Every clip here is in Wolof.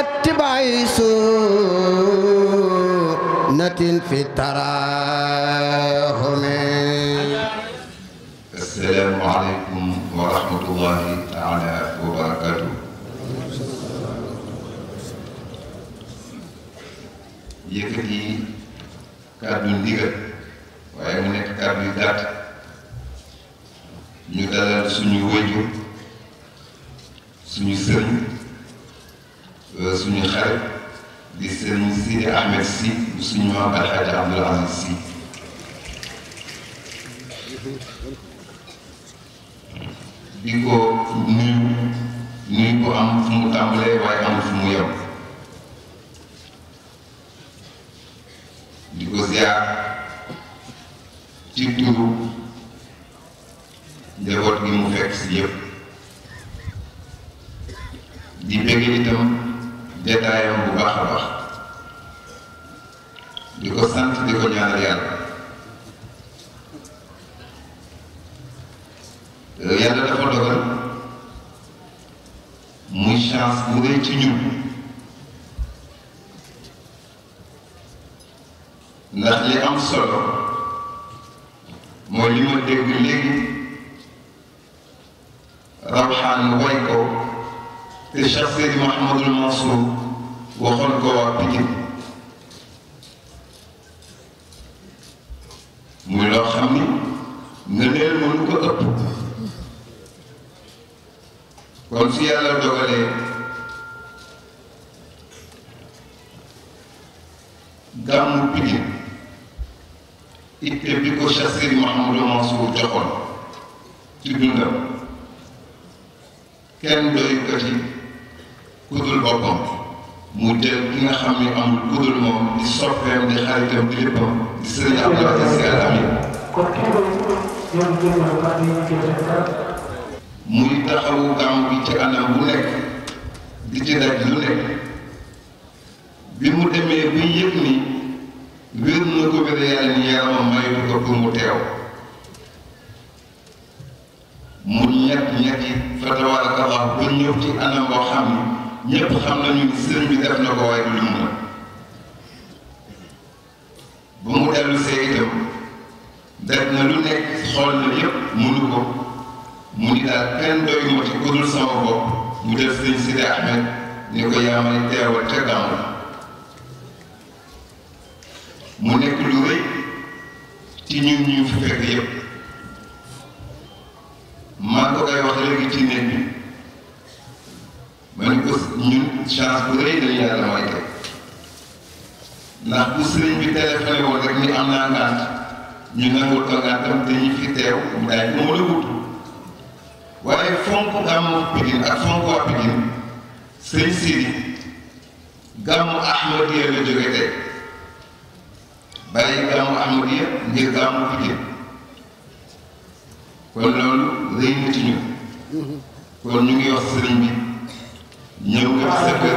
اتباع سنة في التراهم السلام عليكم ورحمة الله تعالى وبركاته يكفي كادو ndigal waaye mu nekk kàddu yu gàtt ñu dalal suñu wëju suñu sëriñ suñu xarit di seen Sidi Ahmed si suñu maam Alxaaji Abdul Aziz si di ko nuyu nuyu am fu mu tàmbalee waaye am fu mu yem di ko ziar ci turu njaboot gi mu fekk si yëpp di bëgg itam jataayam bu baax a baax di ko sant di ko ñaanal yàlla yàlla dafa dogal muy chance bu rëy ci ñun ndax li am solo mooy li ma dégg léegi rawxaan woy ko te Cheikh Seydi Mouhamadul Mansour waxoon ko waa Pikine muy loo xam ni nga neel mënu ko ëpp kon su yàlla dogalee gàmmu Pikine itte bi ko Cheikh Seydi Mouhamadul Mansour joxoon ci dundam kenn doy ko ci kudul boppam mu jël ki nga xam ne amul kudul moom di soppeem di xaritam di léppam di sëriñ Abdoulaye Sy Al Amine muy taxawu gàmm bi ci anam bu nekk di ci daj lu nekk bi mu demee bi yëg ni wér na ko wér yàlla ni yaramam mayu ko pour mu teew mu ñett ñett yi fa tabaaraka Allah ba ñëw ci anam boo xam ni ñëpp xam nañu ni sëriñ bi def na ko waaye du lim la bu mu dellu see itam def na lu nekk xool na yëpp mënu ko mu ni daal kenn doyu ci ku sama bopp mu def sëñ Sidi Ahmed ni ko yaa may teewal ca gàmmu mu nekk lu rëy ci ñun ñu fu fekk yëpp maa ko koy wax léegi ci néeg bañ ko ñun chance bu rëy lañu yàlla may tey ndax bu sëriñ bi téléphoné woon rek ni am naa ngànt ñu nangul ko ngàntam te ñu fi teew mu daay moom la wut waaye fonk gàmmu Pikine ak fonk waa Pikine sëriñ Siri gàmmu Ahmadiya la jóge tey bàyyi gàmmu Ahmadiya ngir gàmmu Pikine kon loolu rëy na ci kon ñu ngi wax sëriñ bi ñëw xam fi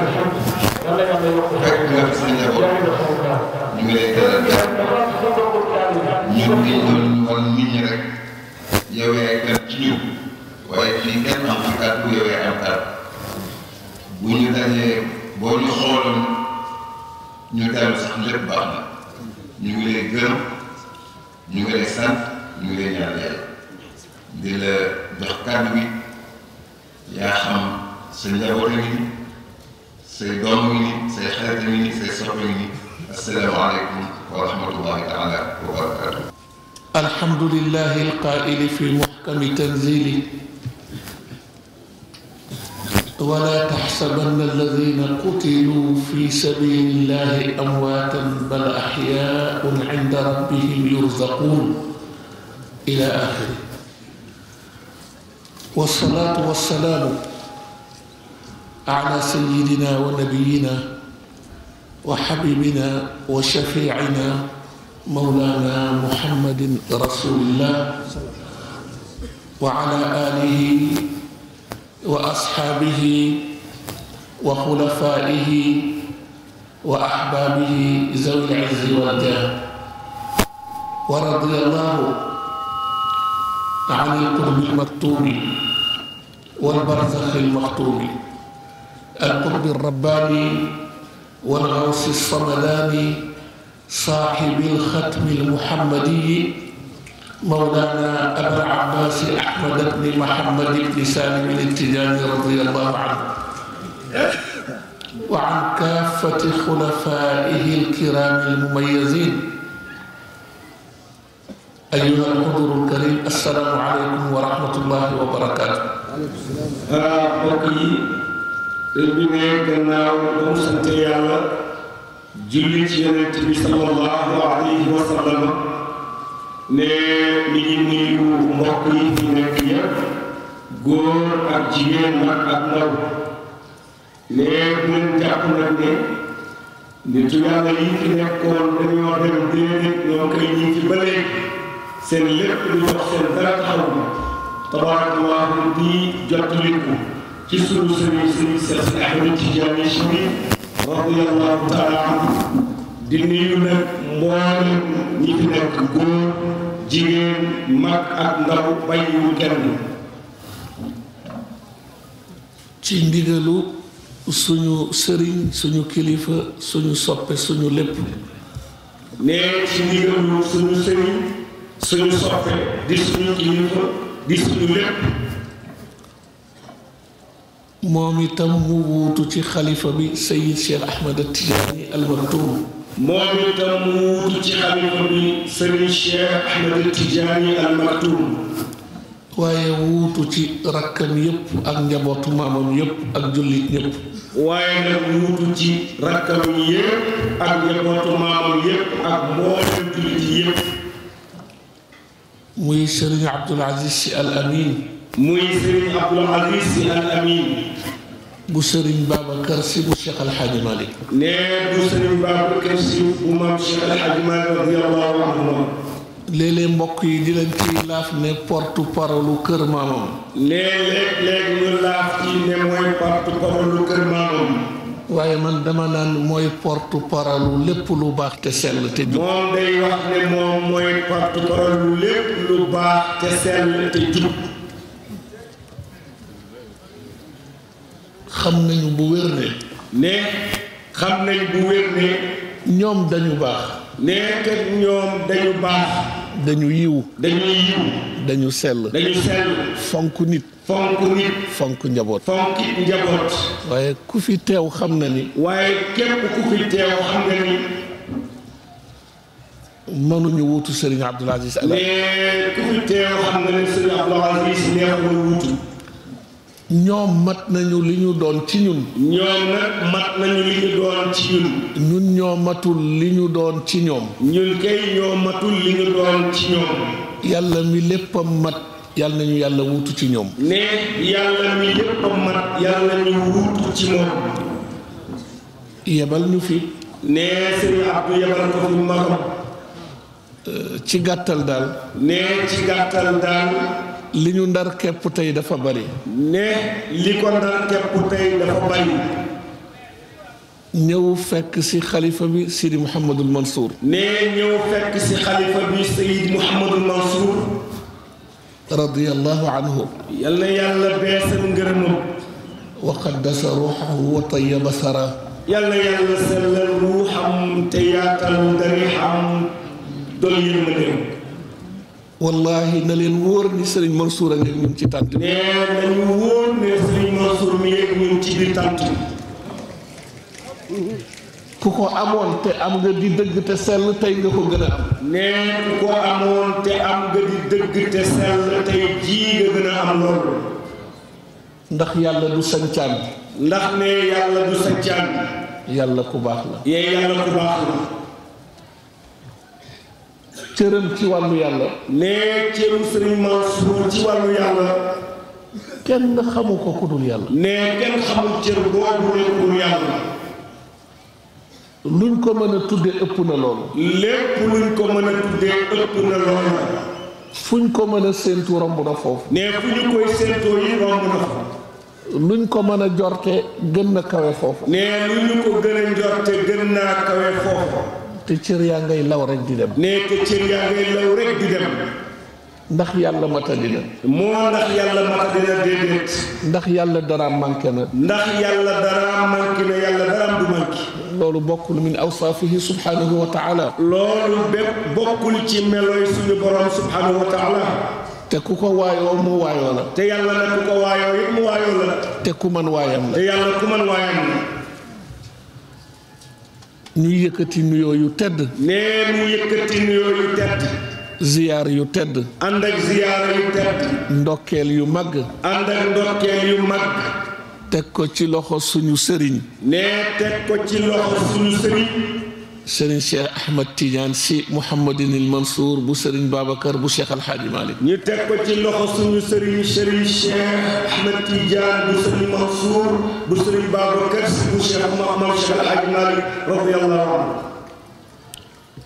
sa njaboot rek yow yaay kan ci ñun waaye fii ñu baax na ñu ngi lay gërëm ñu ñu ngi lay ñaan yàlla di la jox kàddu yaa xam. suñu njaboot a ngi nii say doom ngi nii say xarit a ngi nii say soppe ngi nii asalaamaaleykum wa rahmatullahi taala wa barakaatu. alhamdulilahi alqaili fi muxkami tanzili ولا تحسبن الذين قتلوا في سبيل الله أمواتا بل أحياء عند ربهم يرزقون إلى آخره والصلاة والسلام ala sayidina wa nabiyina wa xabibina wa shafiicina mawlana muhammadin rasulillah wa ala aalihi wa asxaabihi wa xulafaaihi wa axbaabihi zawil izzi wal jaah wa radiyallahu عن القرب المكتوم والبرزخ المختوم القرب الرباني والغوث الصمداني صاحب الختم المحمدي مولانا أبا العباس أحمد بن محمد بن سالم التجاني رضي الله عنه وعن كافة خلفائه الكرام المميزين أيها الحضور الكريم السلام عليكم ورحمة الله وبركاته. sëñ bi ne gannaaw ba mu sant ci yonent bi sallallahu alayhi wa sallam ne mi ngi nuyu mbokk yi fi nekk ak jigéen mag ak ndaw ne bu leen jàpp nag ne nitu yàlla yi fi nekkoon dañoo dem déedéet ñoo koy ñi ci ba léegi seen lépp di wax seen dara taxaw tabaarakallahu di jottaliku ci sunu sëriñ sëriñ Seex Ahmed Tijaani Chérif radiyallahu taala anhu di nuyu nag mboolem ñi fi nekk góor jigéen mag ak ndaw bàyyiwu kenn ci ndigalu suñu sëriñ suñu kilifa suñu soppe suñu lépp ne ci ndigalu suñu sëriñ suñu soppe di suñu kilifa di suñu lépp moom itam mu wuutu ci xalifa bi Sayid Cheikh Ahmed Tijaani al Maktoum. moom itam mu wuutu ci xalifa bi Sayid Cheikh Ahmed Tijaani al Maktoum. waaye wuutu ci rakkam yëpp ak njabootu maamam yëpp ak jullit ñëpp. waaye nag wuutu ci rakkam ak njabootu maamam yëpp ak muy Serigne Abdoul Aziz Sy Al Amin. bu sëriñ Babacar si bu Cheikh Alhaji nee bu sëriñ Babacar si bu maam Cheikh Alhaji Malick radiyallahu anhu. mbokk yi di leen ciy laaf ne porte parole kër maamam. léeg-léeg léegi ñu laaf ci ne mooy porte parole kër maamam. waaye man dama naan mooy porte parole lépp lu baax te sell te lépp lu baax te sell te jub. xam nañu bu wér ne. ne xam nañ bu wér ne. ñoom dañu baax. ne te ñoom dañu baax. dañu yiw. dañu yiw. dañu sell. dañu sell. fonk nit. fonk njaboot. fonk njaboot. waaye ku fi teew xam na ni. waaye képp ku fi teew xam na ni. mënuñu wuutu Serigne Abdoul Aziz. ne ku neex na wuutu. ñoom mat nañu li ñu doon ci ñun. ñoom nag mat nañu li ñu doon ci ñun. ñun ñoo matul li ñu doon ci ñoom. ñun kay ñoo matul li ñu doon ci ñoom. yàlla mi léppam mat yàlla nañu yàlla wuutu ci ñoom. yebal ñu fi. ne Serigne Abdou yebal ko fi Maroc. Euh, ci gàttal daal. ne ci gàttal daal. li ñu ndar képp tey dafa bari ne li ko ndar képp tey dafa bari ñëw fekk ci xalifa bi Sidi Mouhamadul Mansour. ne ñëw fekk ci xalifa bi Seyid Mouhamadul Mansour. radiyallahu anhu. yal na yàlla beesal ngërëmam. wa qaddasa ruuxahu wa tayyaba sara. yal na yàlla sellal ruuxam te yaatal dariixam dool yërmandeem wallahi na leen wóor ni Serigne Mansour a ngi ñun ci tànt bi. nee nañu wóor ne Serigne Mansour mi ngi ñun ci biir tànt bi. ku ko amoon te am nga di dëgg te sell tey nga ko gën a amoon te am jii nga gën a am loolu. ndax yàlla du sancaan. ndax ne yàlla du sancaan. yàlla ku baax la. yee ku baax la. cëram ci wàllu yàlla. nee cëru Serigne Mansour ci wàllu yàlla. kenn xamu ko ku dul yàlla. nee kenn xamul cër boobu ne ku dul yàlla. luñ ko mën a tuddee ëpp na loolu. lépp luñ ko mën a ko mën a séentu romb na foofu. nee fu ñu koy séentoo yi romb na foofu. luñ ko mën a jorte gën na kawe foofu. nee luñ ko gën a jorte gën naa kawe foofu. te cër yaa ngay law rek di dem. nee te cër yaa ngay law rek di dem. ndax yàlla matadi na. moo ndax yàlla matadi na déedéet. ndax yàlla daraam manqué na. ndax yàlla daraam na du manqué. loolu bokkul min awsaafihi subhanahu wa taala. loolu bépp bokkul ci melooy suñu borom subhanahu wa te ku ko waayoo mu waayoo la. te yàlla na ku ko waayoo it mu waayoo la. te ku man waayam la. te yàlla ku man waayam la. ñu yëkkati nuyoo yu tedd. nee ñu yëkkati nuyoo yu tedd. ziyaar yu tedd. ànd ak ziyaar yu tedd. ndokkeel yu mag. ànd ak ndokkeel yu mag. teg ko ci loxo suñu sëriñ. nee teg ko ci loxo suñu sëriñ. sëriñ Cheikh Ahmed Tidiane si Mouhamadinil Mansour bu sëriñ Babacar bu Cheikh Alhaaji Malick ñu teg ko ci loxo suñu sëriñ sëriñ Cheikh Ahmed Tidiane bu sëriñ Mansour bu sëriñ Babacar si bu Cheikh Mouhamad Cheikh Alhaaji Malick radiyallahu anhu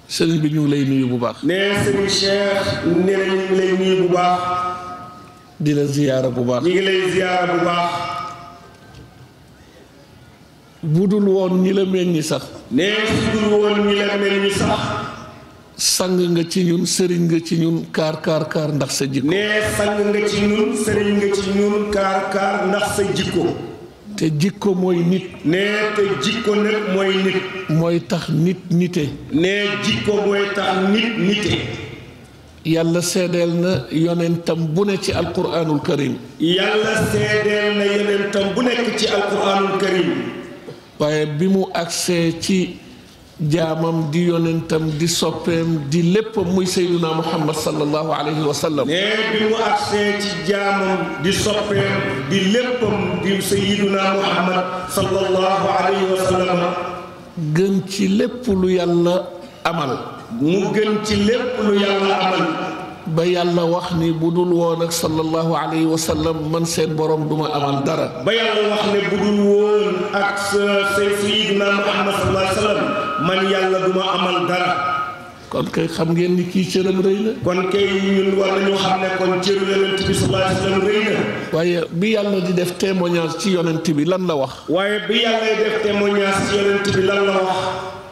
sëriñ bi ñu ngi lay nuyu bu baax. nee sëriñ Cheikh nee na ñu ngi lay nuyu bu baax. di la ziyaara bu baax. ñu ngi lay ziyaara bu baax. budul woon ñi ni sax. nee budul woon ñi sax. sang nga ci ñun sëriñ nga ci ñun kaar kaar ndax sa jikko. ndax sa jikko. te jikko mooy nit. nee te jikko nag mooy nit. mooy tax nit nite. nee jikko mooy tax nit nite. yàlla seddal na yonentam bu ne ci alquraanul karim. yàlla seedeel na yonentam bu nekk ci alquraanul karim. waaye bi mu agsee ci jaamam di yonentam di soppeem di léppam muy seyduna muhammad sallallahu alayhi wa sallam nee bi mu agsee ci jaamam di soppeem di léppam di seyduna muhammad sallallahu alayhi wa sallam gën ci lépp lu yàlla amal mu gën ci lépp lu yàlla amal ba yàlla wax ni bu dul woon ak sallallahu alayhi wa sallam man seen borom duma amal dara. ba yàlla wax ne bu woon ak sayyidina Muhammad sallallahu alayhi wa sallam man yàlla duma amal dara. kon kay xam ngeen ni kii cëram rëy na. kon kay ñun war nañu xam ne kon cëru yonent bi sallallahu alayhi wa def témoignage ci yonent bi lan la wax. waaye bi yàlla di def témoignage ci yonent lan la wax.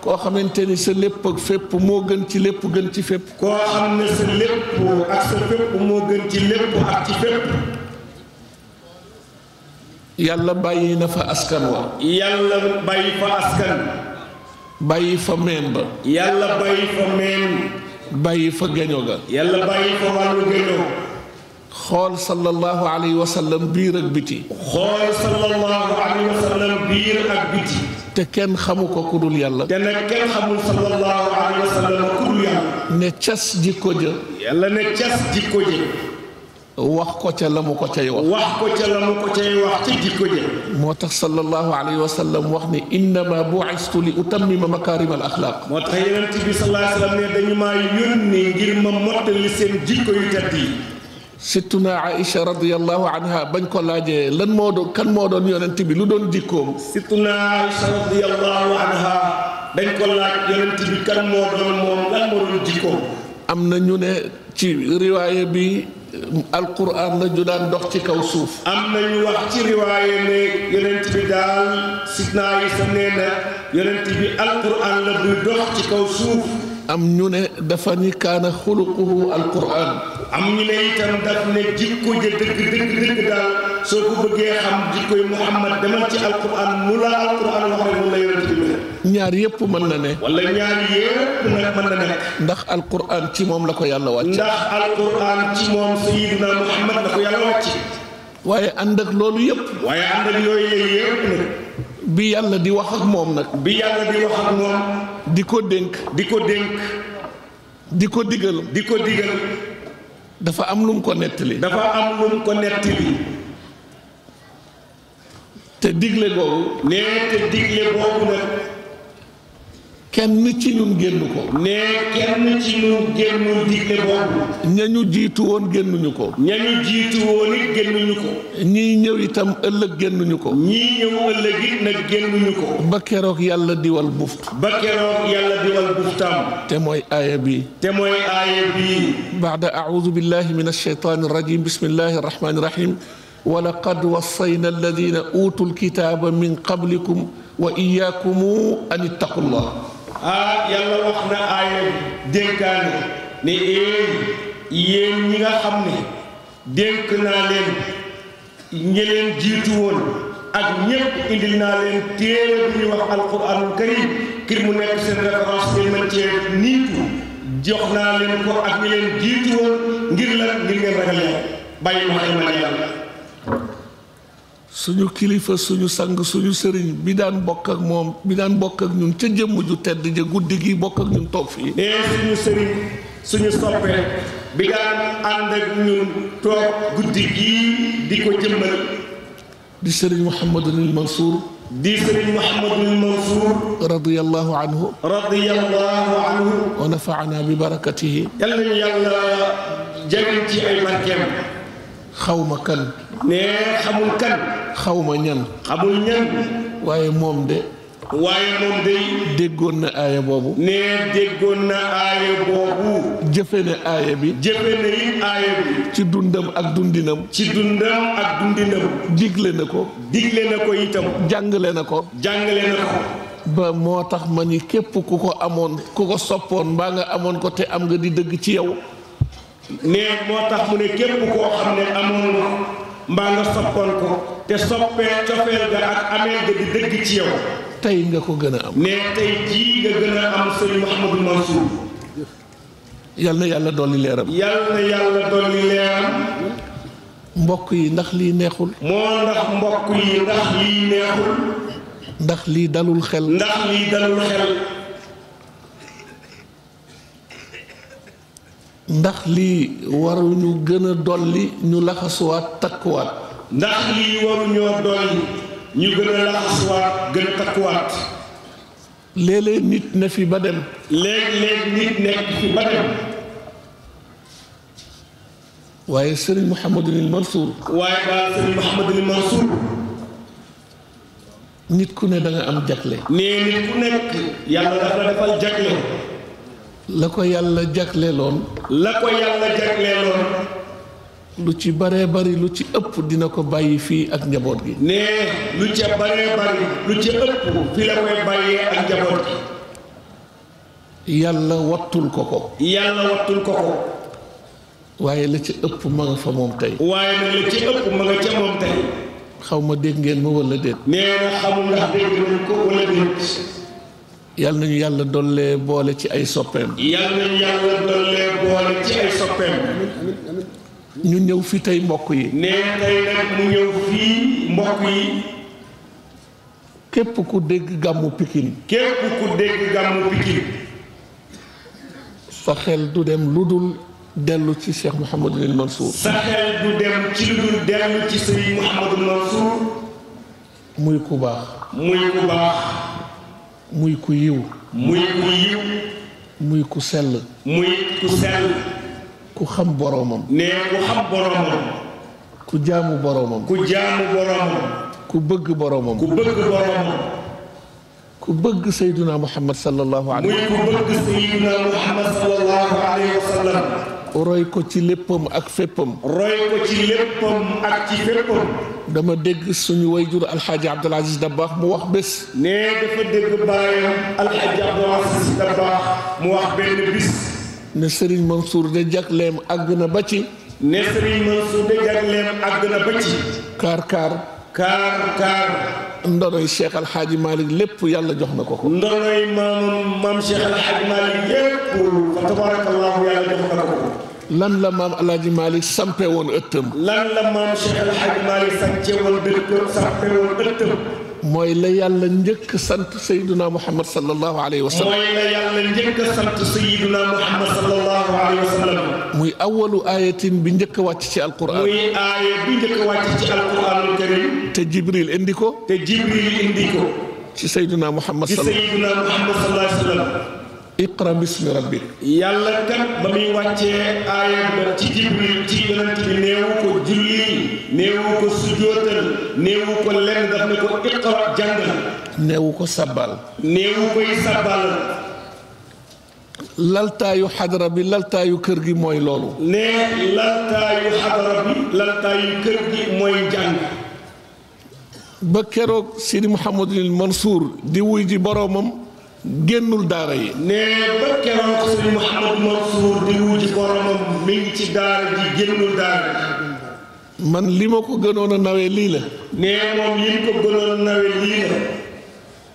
koo xamante ni sa lépp ak fépp moo gën ci lépp gën ci fépp. koo xam ne sa lépp ak sa fépp moo gën ci lépp ak ci fépp. yàlla bàyyi na fa askan wa. yàlla bàyyi fa askan. bàyyi fa meen ba. yàlla bàyyi fa meen. bàyyi fa geño ga. yàlla bàyyi fa wàllu geño. xool sallallahu alayhi wa sallam biir ak biti. xool sallallahu biir ak biti. te kenn xamu ko ku dul yàlla. te nag kenn xamul sallallahu yàlla. ne cas jikko ja. yàlla ne cas jikko ja. wax ko ca la mu ko cay wax. ca la mu ko ca jikko ja. moo tax sallallahu alayhi wa wax ni innama bu'istu li utammima makarim al axlaaq. moo tax yonent bi sallallahu alayhi wa sallam ne dañu maa yónni ngir ma mottali seen jikko yu tedd yi. sittuna Aïcha radiyallahu anha bañ ko laajee lan moo doon kan moo doon yonent bi lu doon jikkoom. sittuna Aïcha radiyallahu anha dañ bi kan moo doon moom lan moo doon jikkoom. am na ñu ne ci riwaayé bi alquran la ju daan dox ci kaw suuf. am na ñu wax ci riwaayé am ñu ne dafa ni kaana xuluquhu alquran am ñu ne itam daf ne jikko ja dëgg dëgg dëgg daal soo ko bëggee xam jikkoy muhammad demal ci alquran mu la alquran wax rek mu la ñaar yépp mën na ne wala ñaar yépp nag mën na ne ndax alquran ci moom la ko yàlla wàcc ndax alquran ci moom sayidina muhammad la ko yàlla wàcc waaye ànd ak loolu yépp waaye ànd ak yooyu yépp nag bi yàlla di wax ak moom nag. bi yàlla di wax ak moom. di ko dénk. di ko dénk. di ko digal. di ko digal. dafa am lu mu ko nettali. dafa am lu ko nettali. te digle boobu. nee te digle boobu nag. kenn ci ñun génn ko. ne kenn ci ñun génn digle boobu. ña ñu jiitu woon génnuñu ko. ña ñu jiitu woon it génnuñu ko. ñii ñëw itam ëllëg génnuñu ko. ñii ñëw ëllëg it nag génnuñu ko. ba keroog yàlla diwal buft. ba keroog yàlla diwal buftam. te mooy aaya bi. te mooy aaya bi. baada audu billahi min alcheytaani rajim bismillahi arrahmani rahim. walaqad wassayna alladina utul kitaaba min qablikum wa iyaakum an ittaqullah ah yàlla wax na aaya bi ne éey yéen ñi nga xam ne dénk naa leen ñi leen jiitu woon ak ñépp indil naa leen téere bi wax alquranul karim kir mu nekk seen référence ngeen mën cee niitu jox naa leen ko ak ñi leen jiitu woon ngir la ngir ngeen ragal bàyyi ma xel ma yàlla suñu kilifa suñu sang suñu sëriñ bi daan bokk moom bi daan bokk ak ñun ca jëmm ju tedd ja guddi gi bokk ak ñun toog fii. nee eh, suñu sëriñ suñu soppe bi toog guddi gii di di sëriñ Mouhamadul Mansour. di sëriñ Mouhamadul Mansour. radiyallahu anhu. radiyallahu anhu. wa bi barakatihi. yal nañu yàlla nee xamul kan. xawma ñan. xamul ñan. waaye moom de. waaye moom de. déggoon na aaya boobu. nee déggoon na aaya boobu. jëfe na aaya bi. jëfe na it aaya bi. ci dundam ak dundinam. ci dundam ak dundinam. digle na ko. digle na ko itam. jàngale na ko. jàngale na ko. ba moo tax ma ni képp ku ko amoon ku ko soppoon mbaa nga amoon ko te am nga di dëgg ci yow. nee moo tax mu ne képp koo xam ne amoon mbaa nga soppoon ko te soppee cofeel ga ak ameel ga di dëgg ci yow. tey nga ko gën a am. ne tey jii nga gën a am sëñ Mouhamadou Mansour. yàlla dolli leeram. yal na yàlla dolli leeram. mbokk yi ndax lii neexul. moo ndax mbokk yi ndax lii neexul. ndax lii dalul xel. ndax lii dalul xel. ndax lii waruñu gën a dolli ñu laxasuwaat takkuwaat. ndax lii waruñoo dolli ñu gën a laxasuwaat gën takkuwaat. léeg-léeg nit ne fi ba dem. léeg-léeg nit nekk fi ba dem. waaye Serigne Mouhamadulil Mansour. nit ku ne da am jagle. nee nit ku nekk yàlla dafa defal jagle. la ko yàlla jagleeloon. la ko yàlla jagleeloon. lu ci baree bari lu ci ëpp dina ko bàyyi fii ak njaboot gi. ne lu ca baree bari lu ci ëpp fi la koy bàyyee ak njaboot gi. yàlla wattul ko ko. waaye la ci ëpp ma nga fa moom tey. waaye la ci ëpp ma nga ca moom tey. xaw dégg ngeen ma wala déet. nee na xamul ndax dégg ngeen ko wala déet. yàlla nañu yàlla dollee boole yàlla dollee boole ci ay soppeem. ñu ñëw fi tey mbokk yi. ne tey nag mu ñëw fii mbokk yi. képp ku dégg gàmmu Pikine. képp ku dégg gàmmu Pikine. sa xel du dem lu dul dellu ci Cheikh Mouhamadul Mansour. lu dul dellu ci Sëriñ muy ku baax. muy ku baax. muy ku yiw muy ku yiw muy ku sell muy ku sell ku xam boroomam ne ku xam boroomam ku jaamu boroomam ku jaamu boroomam ku bëgg boroomam ku bëgg boroomam ku bëgg sayduna muhammad sallallahu alayhi wa sallam muy ku bëgg sayduna muhammad sallallahu alayhi wa sallam roy ko ci léppam ak féppam. roy ko ci léppam ak ci féppam. dama dégg suñu wayjur alxaaji Abdul Aziz Dabaax mu wax bés. nee dafa dégg baayam alxaaji mu wax benn bis. ne Serigne Mansour de jagleem àgg na ba ci. ne Serigne Mansour de jagleem àgg na ba ci. kaar kaar. kaar kaar. ndonoy Cheikh Al Hadj lépp yàlla jox na ko ndonoy maam maam Cheikh Al lépp. fa tabaarakallahu yàlla jox na ko. lan la maam El Hadj Malick sampe woon ëttam. lan la maam Cheikh El Hadj Malick sànce woon dëkkam sampe woon ëttam. mooy la yàlla njëkk sant Seydina Muhammad sallallahu alayhi wa sallam. mooy la yàlla njëkk sant Seydina Muhammad sallallahu alayhi wa sallam. muy awalu ayatin bi njëkk a wàcc ci alquran. muy aaya bi njëkk a wàcc ci alquranul karim. te Jibril indi ko. te Jibril indi ko. ci Seydina Muhammad sallallahu alayhi wa sallam. iqra bismi rabbik yàlla kat ba muy wàccee aaya ba ci jibril ci yonent bi néewu ko julli néewu ko sujootal néewu ko lenn daf ne ko iqra jàngal néewu ko sabbal néewu koy sabbal laltaayu xadara bi laltaayu kër gi mooy loolu ne laltaayu xadara bi laltaayu kër gi mooy jàng ba keroog Sidi Mouhamadul Mansour di wuy ji boroomam génnul daara yi. nee ba keroog sëñ Mouhamed Mansour di wuti boromam mi ngi ci daara ji génnul daara ji. man li ma ko gënoon a nawee lii la. nee moom li ko gënoon a lii la.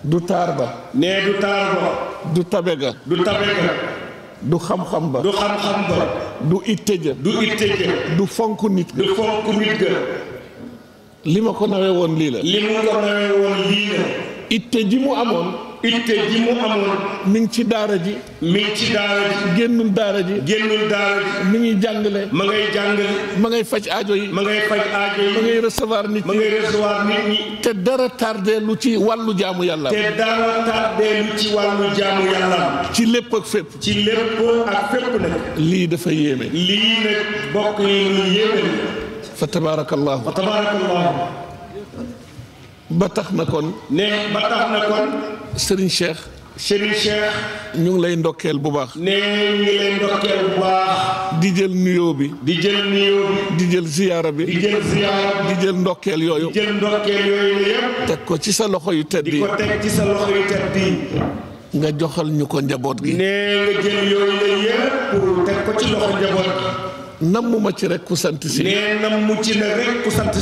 du taar ba. nee du taar ba. du tabe ga. du tabe du xam-xam ba. du itte ja. du itte ja. du fonk nit ga. du fonk nit ga. li ma ko nawee woon lii la. li ma ko nawee woon lii la. itte ji mu amoon. itte ji mu amoon. mi ngi ci daara ji. mi ngi ci daara ji. génnul daara ji. génnul daara ji. mi ngi jàngale. ma ngay jàngale. ma ngay faj aajo yi. ma ngay faj aajo yi. ma ngay recevoir nit ñi. ma ngay recevoir nit ñi. te dara tardé lu ci wàllu jaamu yàlla. te dara tardé ci wàllu jaamu yàlla. ci lépp ak fépp. ci lépp ak fépp nag. lii dafa yéeme. lii nag bokk yi lu yéeme. fa tabaarakallahu. fa tabaarakallahu. ba tax na kon. ne ba tax na kon. Serigne Cheikh. Serigne Cheikh. ñu ngi lay ndokkeel bu baax. ne ñu ngi lay ndokkeel bu baax. di jël nuyoo bi. di jël nuyoo bi. di jël ziyaara bi. di jël ziyaara ndokkeel yooyu. di jël ndokkeel yooyu yëpp. teg ko ci sa loxo yu tedd yi. di nga joxal ñu ko njaboot gi. ne nga jël yooyu la yëpp teg ko ci loxo njaboot namm ma ci rek ku sant si. nee ci na rek ku sant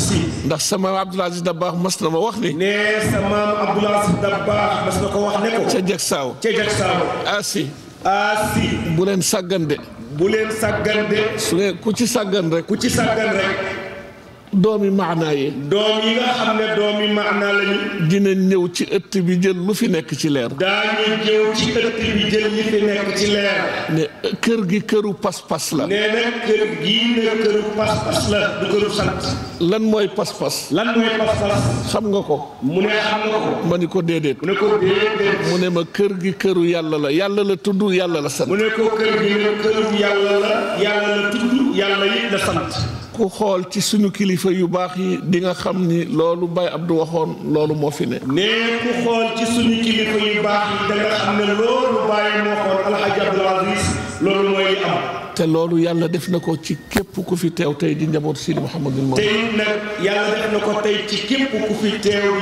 ndax sama Abdoul Aziz Dabakh mas na ma wax ni. nee sama Abdoul Aziz Dabakh mas na ko wax ne ko. ca jag saaw ca jag saaw. asi. asi. bu leen sàggan de. bu leen sàggan de. ku ci sàggan ci rek. doomi maanaa yi. doom yi nga xam ne doomi maanaa lañu. dina ñëw ci ëtt bi jël lu fi nekk ci leer. daañu ñëw ci ëtt bi jël li fi nekk ci leer. ne kër gi këru pas-pas la. nee na kër gii na këru pas-pas la du këru sant. lan mooy pas-pas. xam nga ko. mu ne xam nga ko. ma ni ko déedéet. mu ne ko déedéet. mu ne ma kër gi këru yàlla la yàlla la tudd yàlla la sant. mu ne ko kër gi na këru yàlla la yàlla la tudd yàlla it la sant. ku xool ci suñu kilifa yu baax yi dinga xam ni loolu Baye du waxoon loolu moo fi ne. nee ku xool ci suñu kilifa yu baax yi da xam ne loolu Baye moo xool Alhaji Abdoul Aziz loolu mooy li am. te loolu yàlla def na ko ci képp ku fi teew tey di njaboot ci képp ku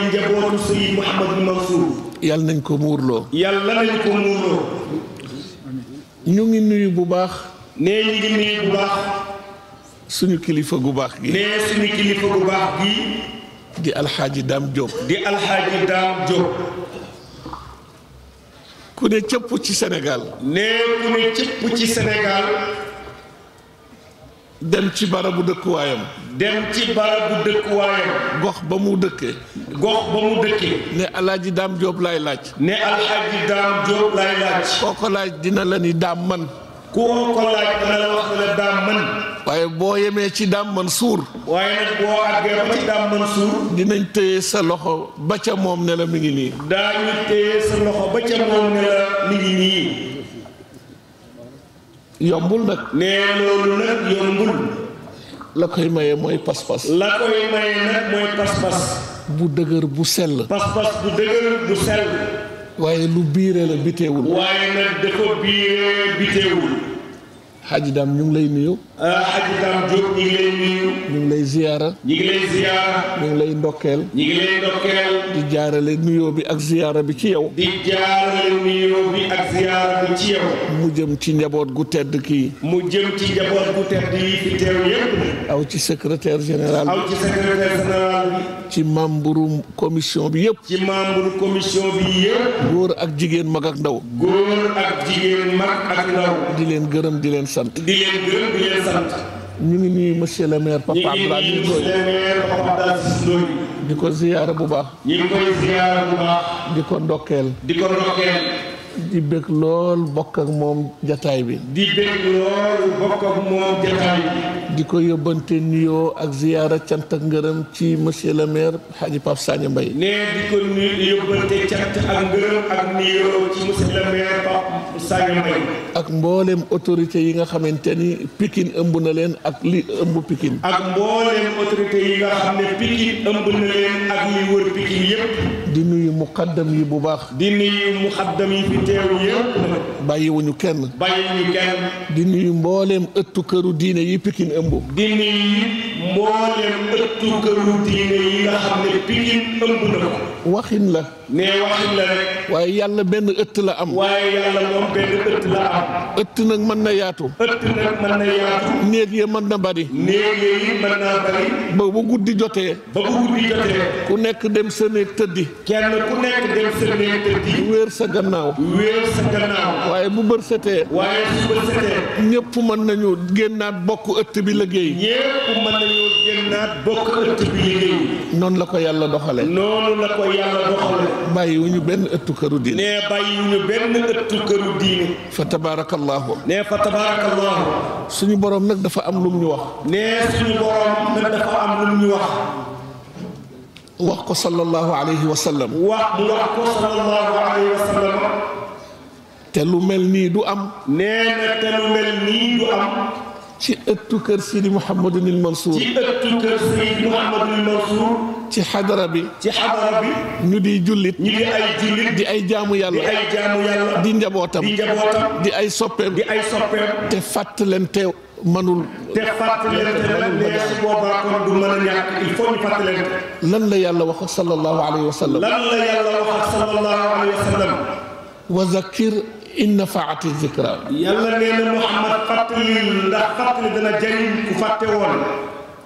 njabootu Sidi Mouhamadul Mansour. yàlla nañ ko muurloo. yàlla nañ ko muurloo. ñu ngi nuyu bu baax. nee ñu ngi nuyu bu baax. suñu kilifa gu baax gii nee suñu kilifa gu baax gi. di alxaaji daam Diop. di alxaaji daam Diop. ku ne cëpp ci senegaal nee ku ne cëpp ci senegaal dem ci barabu dëkkuwaayam. dem ci barabu dëkkuwaayam. gox ba mu dëkkee. gox ba mu dëkkee. ne alaaji daam Diop laay laaj. ne alxaaji daam Diop laay laaj. kooko laaj dina la ni daam man. koo ko laaj dana la wax la daam waaye boo yemee ci daam man suur waaye nag boo àggee ba ci daam suur dinañ téye sa loxo ba ca moom ne la mi ngi nii mi ngi nii yombul nag nee loolu nag yombul la koy maye mooy pas-pas la koy maye nag mooy pas-pas bu dëgër bu sell pas-pas bu dëgër bu sell waaye lu biire la biteewul waaye nag dafa biire biteewul Hadji Dame ñu ngi lay nuyu Aji Dame Diop ñu ngi lay nuyu. ñu ngi lay ziyaara. ñu ngi lay ndokkeel. di jaarale nuyoo bi ak ziyaara bi ci yow. di jaarale nuyoo bi ak ziyaara bi ci yow. mu jëm ci njaboot gu tedd kii. mu jëm ci njaboot gu tedd yi fi teew yëpp. aw ci secrétaire général. aw ci secrétaire général bi. ci membre commission bi yëpp. góor ak jigéen mag ak ndaw. góor ak jigéen mag ak ndaw. di leen gërëm di leen sant. ñu ngi nuyu monsieur le maire Papa Abdoulaye Ndoye di ko ziyaara bu baax. di ko ndokkeel. di ko ndokkeel. di bëgg lool bokk ak moom jataay bi. di ko yóbbante nuyoo ak ziyaara cant ak ngërëm ci monsieur le maire Hadji Pape Sagna nee di ko yóbbante cant ak ngërëm ak nuyoo ci monsieur le maire Pape Sagna ak mbooleem autorité yi nga xamante ni Pikine ëmb na leen ak ak mbooleem autorité yi nga xam ne Pikine ëmb na leen ak li wër Pikine yépp. di nuyu muqaddam yi bu baax. di teew yëpp nag. bàyyiwuñu kenn. bàyyiwuñu kenn. di nuyu mbooleem ëttu këru diine yi Pikine ëmb. di nuyu mbooleem ëttu këru diine yi nga xam ne Pikine ëmb na ko. waxin la. ne waxin la rek. waaye yàlla benn ëtt la am. benn ëtt la am. ëtt nag mën na yaatu. ëtt nag mën na yaatu. néeg ya mën na bari. néeg yi mën naa bari. ba bu guddi jotee. ba bu guddi jotee. ku nekk dem sa néeg tëddi. kenn ku nekk dem sa néeg tëddi. wéer sa gannaaw. wéer sa gannaaw. waaye bu bër setee. waaye mën nañu génnaat bokk ëtt bokk ëtt bi liggéey. noonu la ko la ko yàlla doxale bàyyiwuñu benn ëttu këru diine. nee fa tabaarakallaahu. nee fa tabaarakallaahu. suñu borom nag dafa am lu mu ñu wax. nee suñu borom nag dafa am lu mu ñu wax. wax ko sallallahu alayhi wa sallam. te lu mel nii du am. nee na te lu mel nii du am. ci ëttu kër Sidi Mouhamadunil Mansour. ci ëttu kër Sidi Mouhamadunil Mansour. ci xadara bi. ci xadara bi. ñu di jullit. ñu di ay jullit. di ay jaamu yàlla. di ay jaamu yàlla. di njabootam. di njabootam. di ay soppeem. di ay soppeem. te fàttalante manul. te fàttalante nag nee su boobaa kon du mën a ñàkk il faut ñu fàttalante. lan la yàlla wax sallallahu alayhi wa sallam. lan la yàlla wax sallallahu alayhi wa sallam. wa zakir. inna faati zikra yàlla nee na Muhammad fàttali ndax fàttali dana jëriñ ku fàtte woon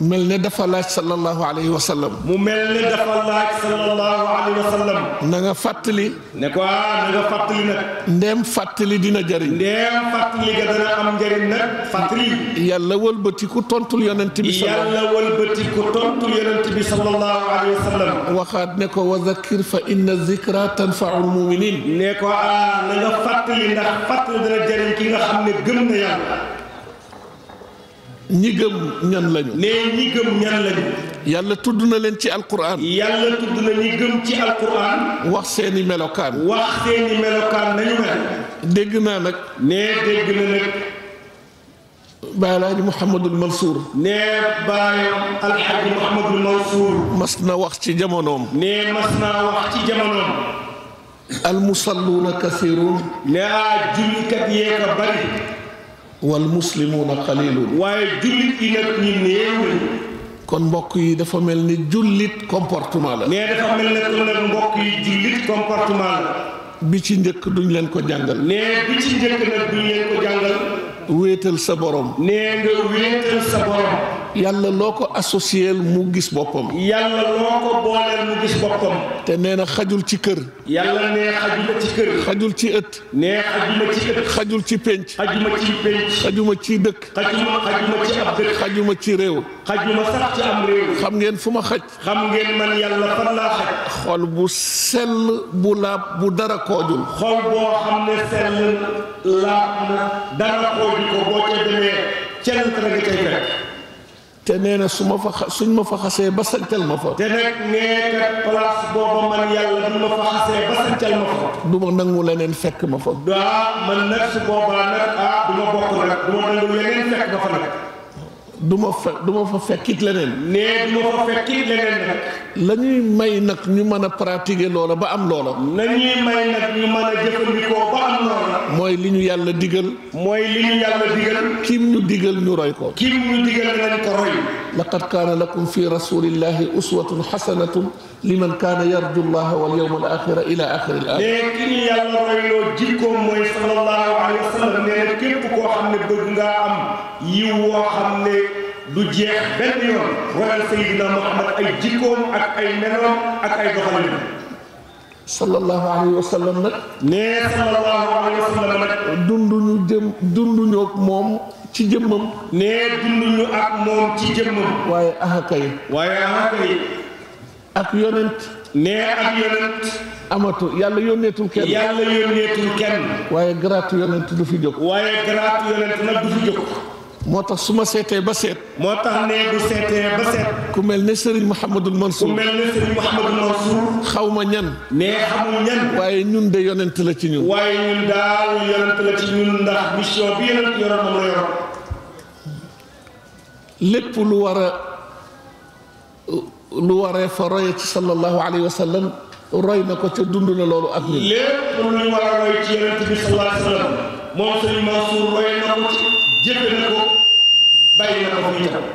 mel ne dafa laaj sallallahu alayhi wa sallam. mu mel ne dafa laaj sallallahu alayhi wa sallam. na nga fàttali. ne ko ah, na nga fàttali nag. ndéem fàttali dina jëriñ. ndéem fàttali ga dana am njëriñ nag fàttali. yàlla wëlbatiku tontul yonent bi. yàlla wëlbatiku tontul yonent bi sallallahu alayhi wa sallam. waxaat ne ko wa zakir fa inna zikra tanfaul muminin. ne ko ah na nga fàttali ndax fàttali dana jëriñ ki nga xam ne gëm na yàlla. ñi ñan lañu. nee ñi ñan lañu. yàlla tudd na leen ci alquran. yàlla tudd na ñi ci alquran. wax seeni melokaan. wax seeni melokaan nañu mel. dégg naa nag. nee dégg na nag. Baay Alaaji Mouhamadul nee baayam Alxaaji Mouhamadul Mansour. mas na wax ci jamonoom. nee mas naa wax ci jamonoom. almusalluuna kasiirun. nee jullikat yee ka bari. wal muslimuuna qalilun waaye jullit yi nag ñi néew kon mbokk yi dafa mel ni jullit comportement la. mais dafa mel ne nag mbokk yi jullit comportement la. bi ci njëkk duñ leen ko jàngal. mais bi ci njëkk nag duñ leen ko jàngal. wéetal sa borom. nee nga wéetal sa borom. yàlla loo ko associé mu gis boppam. yàlla loo ko booleel mu gis boppam. te nee na xajul ci kër. yàlla nee ci xajul ci ëtt. nee xajuma ci ëtt. xajul ci pénc xajuma ci ci dëkk. xajuma xajuma ci ab dëkk. xajuma ci réew. xajuma sax ci am réew. xam ngeen fu ma xaj. xam ngeen man yàlla fan laa xaj. xol bu sell bu laab bu dara koojul. xol boo xam ne sell laab na dara koojul ko boo ca demee cell la nga cay fekk. te nee na su ma fa suñ ma fa xasee ba santal ma fa. te nag nee na place booba man yàlla du ma fa xasee ba santal ma fa. du ma nangu leneen fekk ma fa. ah man nag su boobaa nag ah du ma bokk nag du ma nangu leneen fekk ma fa nag. du ma fe du ma fa fekkit leneen. nee du ma fa fekkit leneen nag. la ñuy may nag ñu mën a pratiquer loola ba am loola. la ñuy may nag ñu mën a jëfandikoo ba am loola. mooy li ñu yàlla digal. mooy li ñu yàlla digal. kim ñu digal ñu roy ko. kim ñu digal nañ ko roy. laqad kaana lakum fi rasulillahi uswatun xasanatun liman kaana yarju llaha wal yawmal axira ila axiri al aaya. mais ki ñu yàlla royloo jikkoom mooy sallallahu alayhi wa sallam nee na képp koo xam ne bëgg ngaa am yiw woo xam ne. du jeex benn yoon waral Seydina Muhammad ay jikkoom ak ay meloom ak ay doxalinam. sallallahu alayhi wa sallam nag. nee sallallahu wa sallam nag. dunduñu jëm dunduñu moom ci jëmmam. nee dunduñu ak moom ci jëmmam. waaye ahaka yi. waaye ahaka yi. ak yonent. nee ak yonent. amatu yàlla yónneetul kenn. yàlla yónneetul kenn. waaye garaatu yonent du fi jóg. waaye garaatu yonent nag du fi jóg. moo tax su ma seetee ba seet. moo tax ne bu seetee ba seet. ku mel ne Serigne Mouhamadul Mansour. ku mel ne Serigne Mouhamadul Mansour. xaw ma ñan. mais xamul waaye ñun de yonent la ci ñun. waaye ñun daal yonent la ci ñun ndax bi yonent yoroon moom la yoroon. lépp lu war a lu waree fa roye ci sallallahu alayhi wa sallam roy na ko ca dund loolu ak ci yonent bi sallallahu alayhi wa sallam moom Serigne Mansour roy na ko ci. jëfe na ko bàyyi na ko muy jafe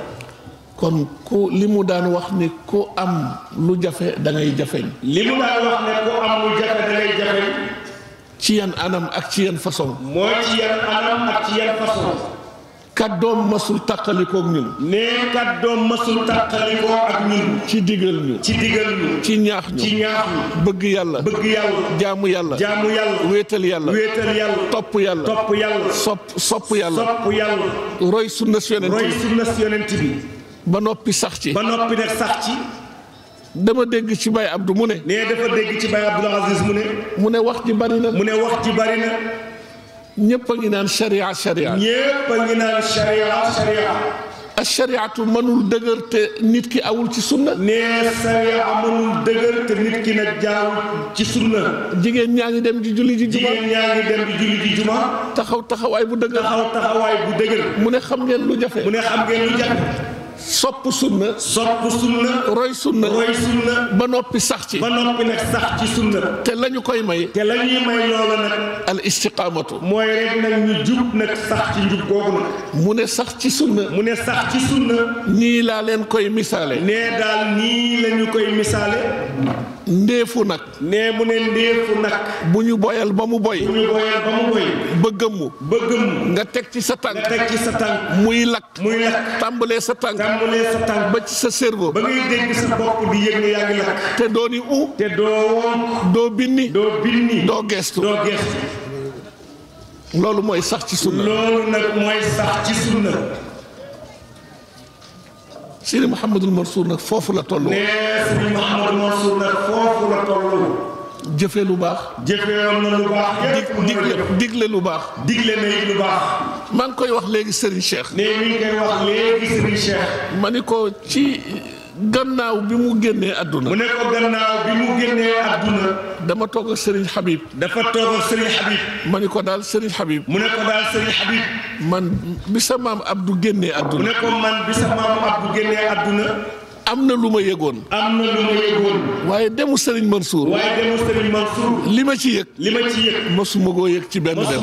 kon ku li mu daan wax ni ku am lu jafe dangay ngay jafeñ li mu daan wax ne ku am lu jafe da ngay jafeñ ci yan anam ak ci yan façon kàddoom masul tàqalikook ñun nee kàddoom masul tàqalikoo ak ñun ci digal ñu ci digal ñu ci ñaax ñu ci ñaax ñu bëgg yàlla bëgg yàlla jaamu yàlla jaamu yàlla wéetal yàlla wéetal yàlla topp yàlla topp yàlla sopp yàlla sopp yàlla roy sunna yonent roy yonent bi ba noppi sax ci ba noppi nag sax ci dama dégg ci Baye Abdou mu ne nee dafa dégg ci Baye Abdoul Aziz mu ne mu ne wax ji bari na mu ne wax ji bari na ñëpp a ngi naan sharia sharia. ñëpp a ngi naan sharia sharia. a shariatu mënul dëgër te nit ki awul ci sunna. nee sharia mënul dëgër te nit ki nag jaawul ci sunna. jigéen ñaa ngi dem di julli ji juma jigéen ñaa ngi dem di julli ji juma. taxaw taxawaay bu dëgër. taxaw taxawaay bu dëgër. mu ne xam ngeen lu jafe. mu ne xam ngeen lu jafe. sopp sunna sopp sunna roy sunna ba noppi sax ci ba noppi nag sax ci sunna te lañu koy may te la ñuy may loola nag al istiqaamatu mooy rek nag ñu jub nag sax ci njub googu mu ne sax ci sunna mu ne sax ci sunna nii laa leen koy misaale nee daal nii la ñu koy misaale ndéefu nag. nee mu ne ndéefu nag. bu ñu boyal ba mu boy. bu ñu mu boy. mu. nga teg ci sa tànk. muy lakk. muy lakk. tàmbalee sa tànk. tàmbalee sa ba ci sa cerveau. ba ngay dégg sa bopp di yëg ne yaa ngi te doo ni u. te doo woon. doo binni. doo binni. doo gestu. loolu mooy sax ci sunna. mooy sax ci sunna. Serigne Mouhamadul Mansour nag foofu la toll. nee Serigne Mouhamadul Mansour nag foofu la toll. jëfe lu baax. jëfewoon na lu baax. digle lu baax. digle na lu baax. maa ngi koy wax léegi Serigne Cheikh. nee mi ngi koy wax léegi Serigne Cheikh. ma ni ko ci. gannaaw bi mu génnee àdduna. mu dama toog ak Serigne Habib. dafa toog ak Serigne Habib. ko daal Serigne Habib. mu ne ko daal Serigne man bi sa maam Abdou àdduna. man bi sa maam Abdou àdduna. am na lu ma yëgoon. am na lu ma yëgoon. waaye demu Serigne Mansour. waaye li ma ci yëg. li ma ci yëg. mosuma koo ci benn dem.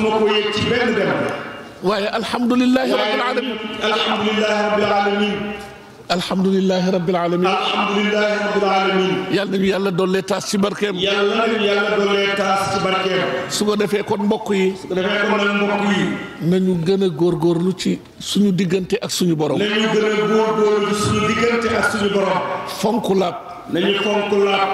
waaye alhamdulilah rabbil alamin. alhamdulilahi rabbil alamin alhamdulilahi rabbil alamin yal yàlla dollee taas ci barkeem yal nañu yàlla dollee taas ci barkeem su ko defee kon mbokk yi su ko defee kon nag mbokk yi ñu gën a góorgóorlu ci suñu diggante ci suñu diggante ak suñu borom fonk laab nañu fonk laab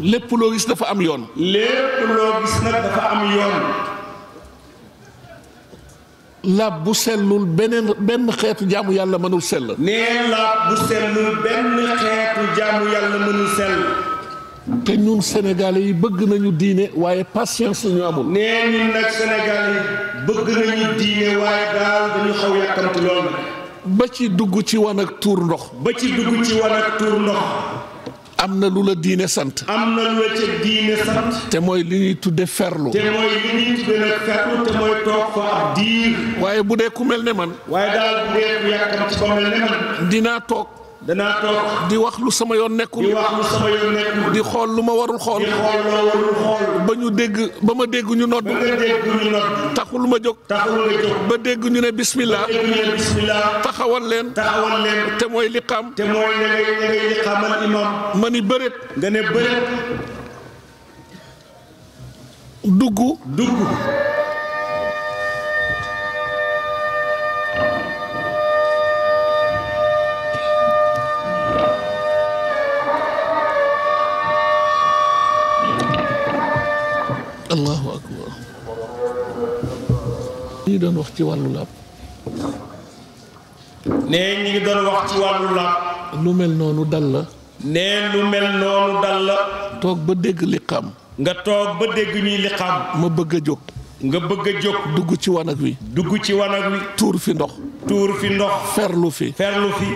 lépp loo gis dafa am yoon lépp loo gis nag dafa am yoon laab bu sellul beneen benn xeetu jaamu yàlla mënul sell. nee laab bu sellul benn xeetu jaamu yàlla mënul sell. te ñun Sénégalais yi bëgg nañu diine waaye patience la ñu amul. nee ñun nag Sénégalais yi bëgg nañu diine waaye daal dañu xaw yàkkamti ba ci dugg ci wan ak tuur ndox. ba ci dugg ci wan ak tuur ndox. am na lu la diine sant. am na lu la ca diine sant. te mooy li tu def ferlu. te mooy li ñuy tudde nag ferlu te mooy toog fa ab diir. waaye bu dee ku mel ne man. waaye daal bu dee ku mel ne man. dinaa toog. danaa toog di wax lu sama yoon nekkul di xool lu ma warul xool di ba ñu dégg ba ma dégg ñu nodd ba ma dégg ñu nodd taxul ma jóg taxul ma jóg ba dégg ñu ne bismillah taxawal leen te mooy liqaam te mooy la nga ne bëreet dugg dugg allahu akbar ñi ci wàllu laab nee ñi ngi doon wax ci wàllu laab lu mel noonu dal la nee lu mel noonu dal la toog ba dégg liqaam nga toog ba dégg ñuy liqaam ma bëgg a jóg nga bëgg a jóg. dugg ci wanag wi. dugg ci wanag wi. tuur fi ndox. tuur fi ndox. ferlu fi. ferlu fi.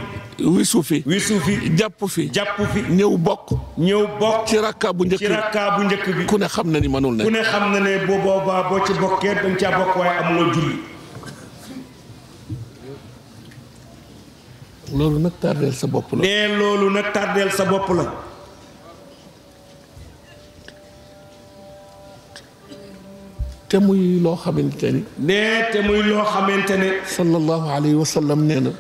wisu fi. wisu fi. jàpp fi. jàpp fi. ñëw bokk. ñëw bokk. ci rakka bu njëkk bi bu njëkk bi. ku ne xam na ni mënul ne. ku ne xam na ne bu boobaa boo ci bokkee dañ caa bokk waaye amuloo julli. loolu sa bopp la. loolu nag tardeel sa bopp la. te muy loo xamante ni. nee te muy loo xamante ne. sallallahu alayhi wa sallam nee na.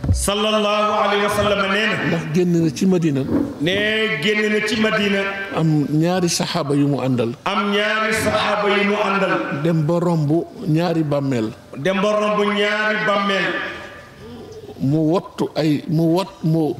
ndax génn na ci Madina. nee génn na ci Madina. am ñaari saxaaba yu mu àndal. am ñaari saxaaba yu mu àndal. dem ba romb ñaari bàmmeel. dem ba romb ñaari bàmmeel. mu wattu ay mu wat mu.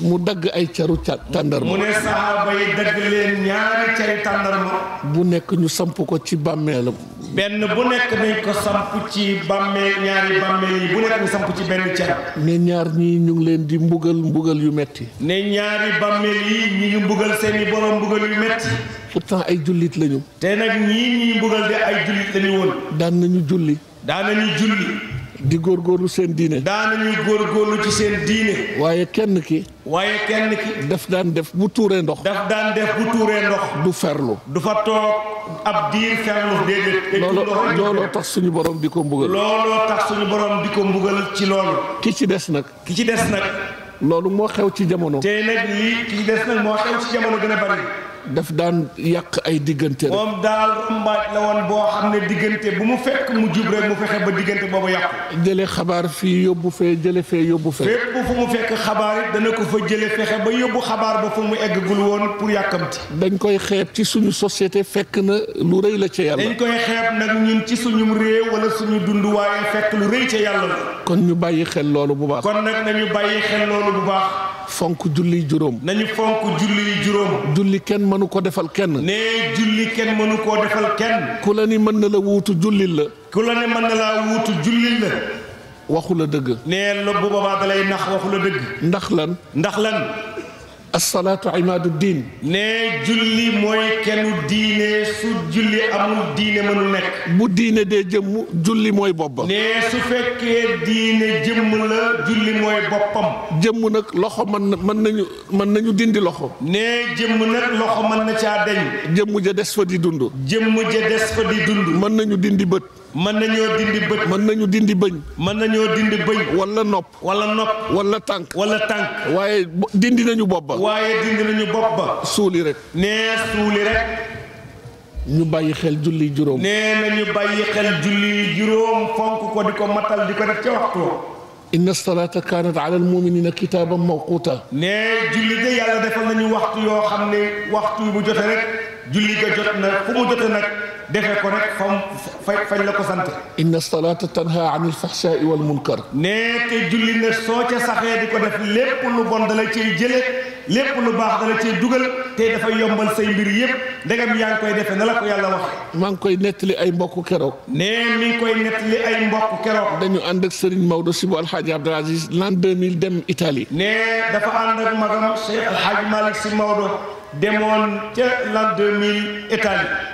mu dagg ay caru ca tàndarma. mu ne saxaaba yi dagg leen ñaari cari tàndarma. bu nekk ñu samp ko ci bàmmeelam. benn bu nekk nañ ko samp ci bàmmeel ñaari bàmmeel yi bu nekk ñu samp ci benn car. ne ñaar ñii ñu ngi leen di mbugal mbugal yu metti ne ñaari bàmmeel yi ñu ngi mbugal seeni borom mbugal yu metti pourtant ay jullit lañu. te nag ñii ñuy mbugal de ay jullit lañu woon. daan nañu julli. daan nañu julli. di góor góorgóorlu seen diine. daanañuy góorgóorlu ci seen diine. waaye kenn ki. waaye kenn ki. daf daan def bu tuuree ndox. daf daan def bu tuuree ndox. du ferlu. du fa toog ab diir ferlu déedéet. looloo looloo tax suñu borom di ko mbugal. looloo tax suñu borom di ko mbugal ci loolu. ki ci des nag. ki ci des nag. loolu moo xew ci jamono. tey nag lii ki ci des nag moo xew ci jamono gën a bari. daf daan yàq ay diggante rek. moom daal rambaaj la woon boo xam ne diggante bu mu fekk mu jub rek mu fexe ba diggante boobu yàqu. jële xabaar fii yóbbu fee jële fee yóbbu fee. fépp fu mu fekk xabaar it dana ko fa jële fexe ba yóbbu xabaar ba fu mu eggagul woon pour yàkkamti. dañ koy xeeb ci suñu société fekk na lu rëy la ca yàlla. dañ koy xeeb nag ñun ci suñu réew wala suñu dund waaye fekk lu rëy ca yàlla la. kon ñu bàyyi xel loolu bu baax. bàyyi xel loolu bu baax. fonk julli juróom. nañu fonk julli juróom. julli kenn mënu ko defal kenn. nee julli kenn mënu koo defal kenn. ku la ni mën na la wuutu jullil la. ku la mën na laa la. waxu la dëgg. nee la bu boobaa da lay nax waxu la dëgg. ndax lan. ndax lan. asalaatu imaadu diin. ne julli mooy kennu diine su julli amul diine mënul nekk. bu diine dee jëmm julli mooy boppam. ne su fekkee diine jëmm la julli mooy boppam. jëmm nag loxo mën na mën nañu mën nañu dindi loxo. ne jëmm nag loxo mën na caa deñ. jëmm ja des fa di dund. jëmm ja des fa di dund. mën nañu dindi bët. mën nañu dindi bëñ. mën nañu dindi bëñ. mën nañu dindi bëñ. wala nopp. wala nopp. wala tànk. wala tànk. waaye dindi nañu bopp ba. waaye dindi nañu bopp ba. suuli rek. nee suuli rek. ñu bàyyi xel julli juróom. nee na ñu bàyyi xel julli juróom ko di ko matal di ko def ca waxtu. inna salaata kaanat ala almuminina kitaaban mawquuta. nee julli de yàlla defal nañu waxtu yoo xam ne waxtu bu jote rek julli ga jot na fu mu jote nag. defe ko rek fam fañ la ko sant inna salaata tanha an ilfahshaai walmunkar ne te julli ne soo ca saxee di ko def lépp lu bon da la cay jële lépp lu baax da la cay dugal te dafay yombal say mbir yëpp ndegam yaa ngi koy defee na la yàlla wax maa ngi koy nettali ay mbokk keroog ne mi ngi nett nettali ay mbokku keroog dañu ànd ak Serigne Maodo Sy bu Alhaaji Abdou Aziz l'an 2000 dem Italie ne dafa ànd ak magam Cheikh Alhaaji Malick Sy Maodo demoon ca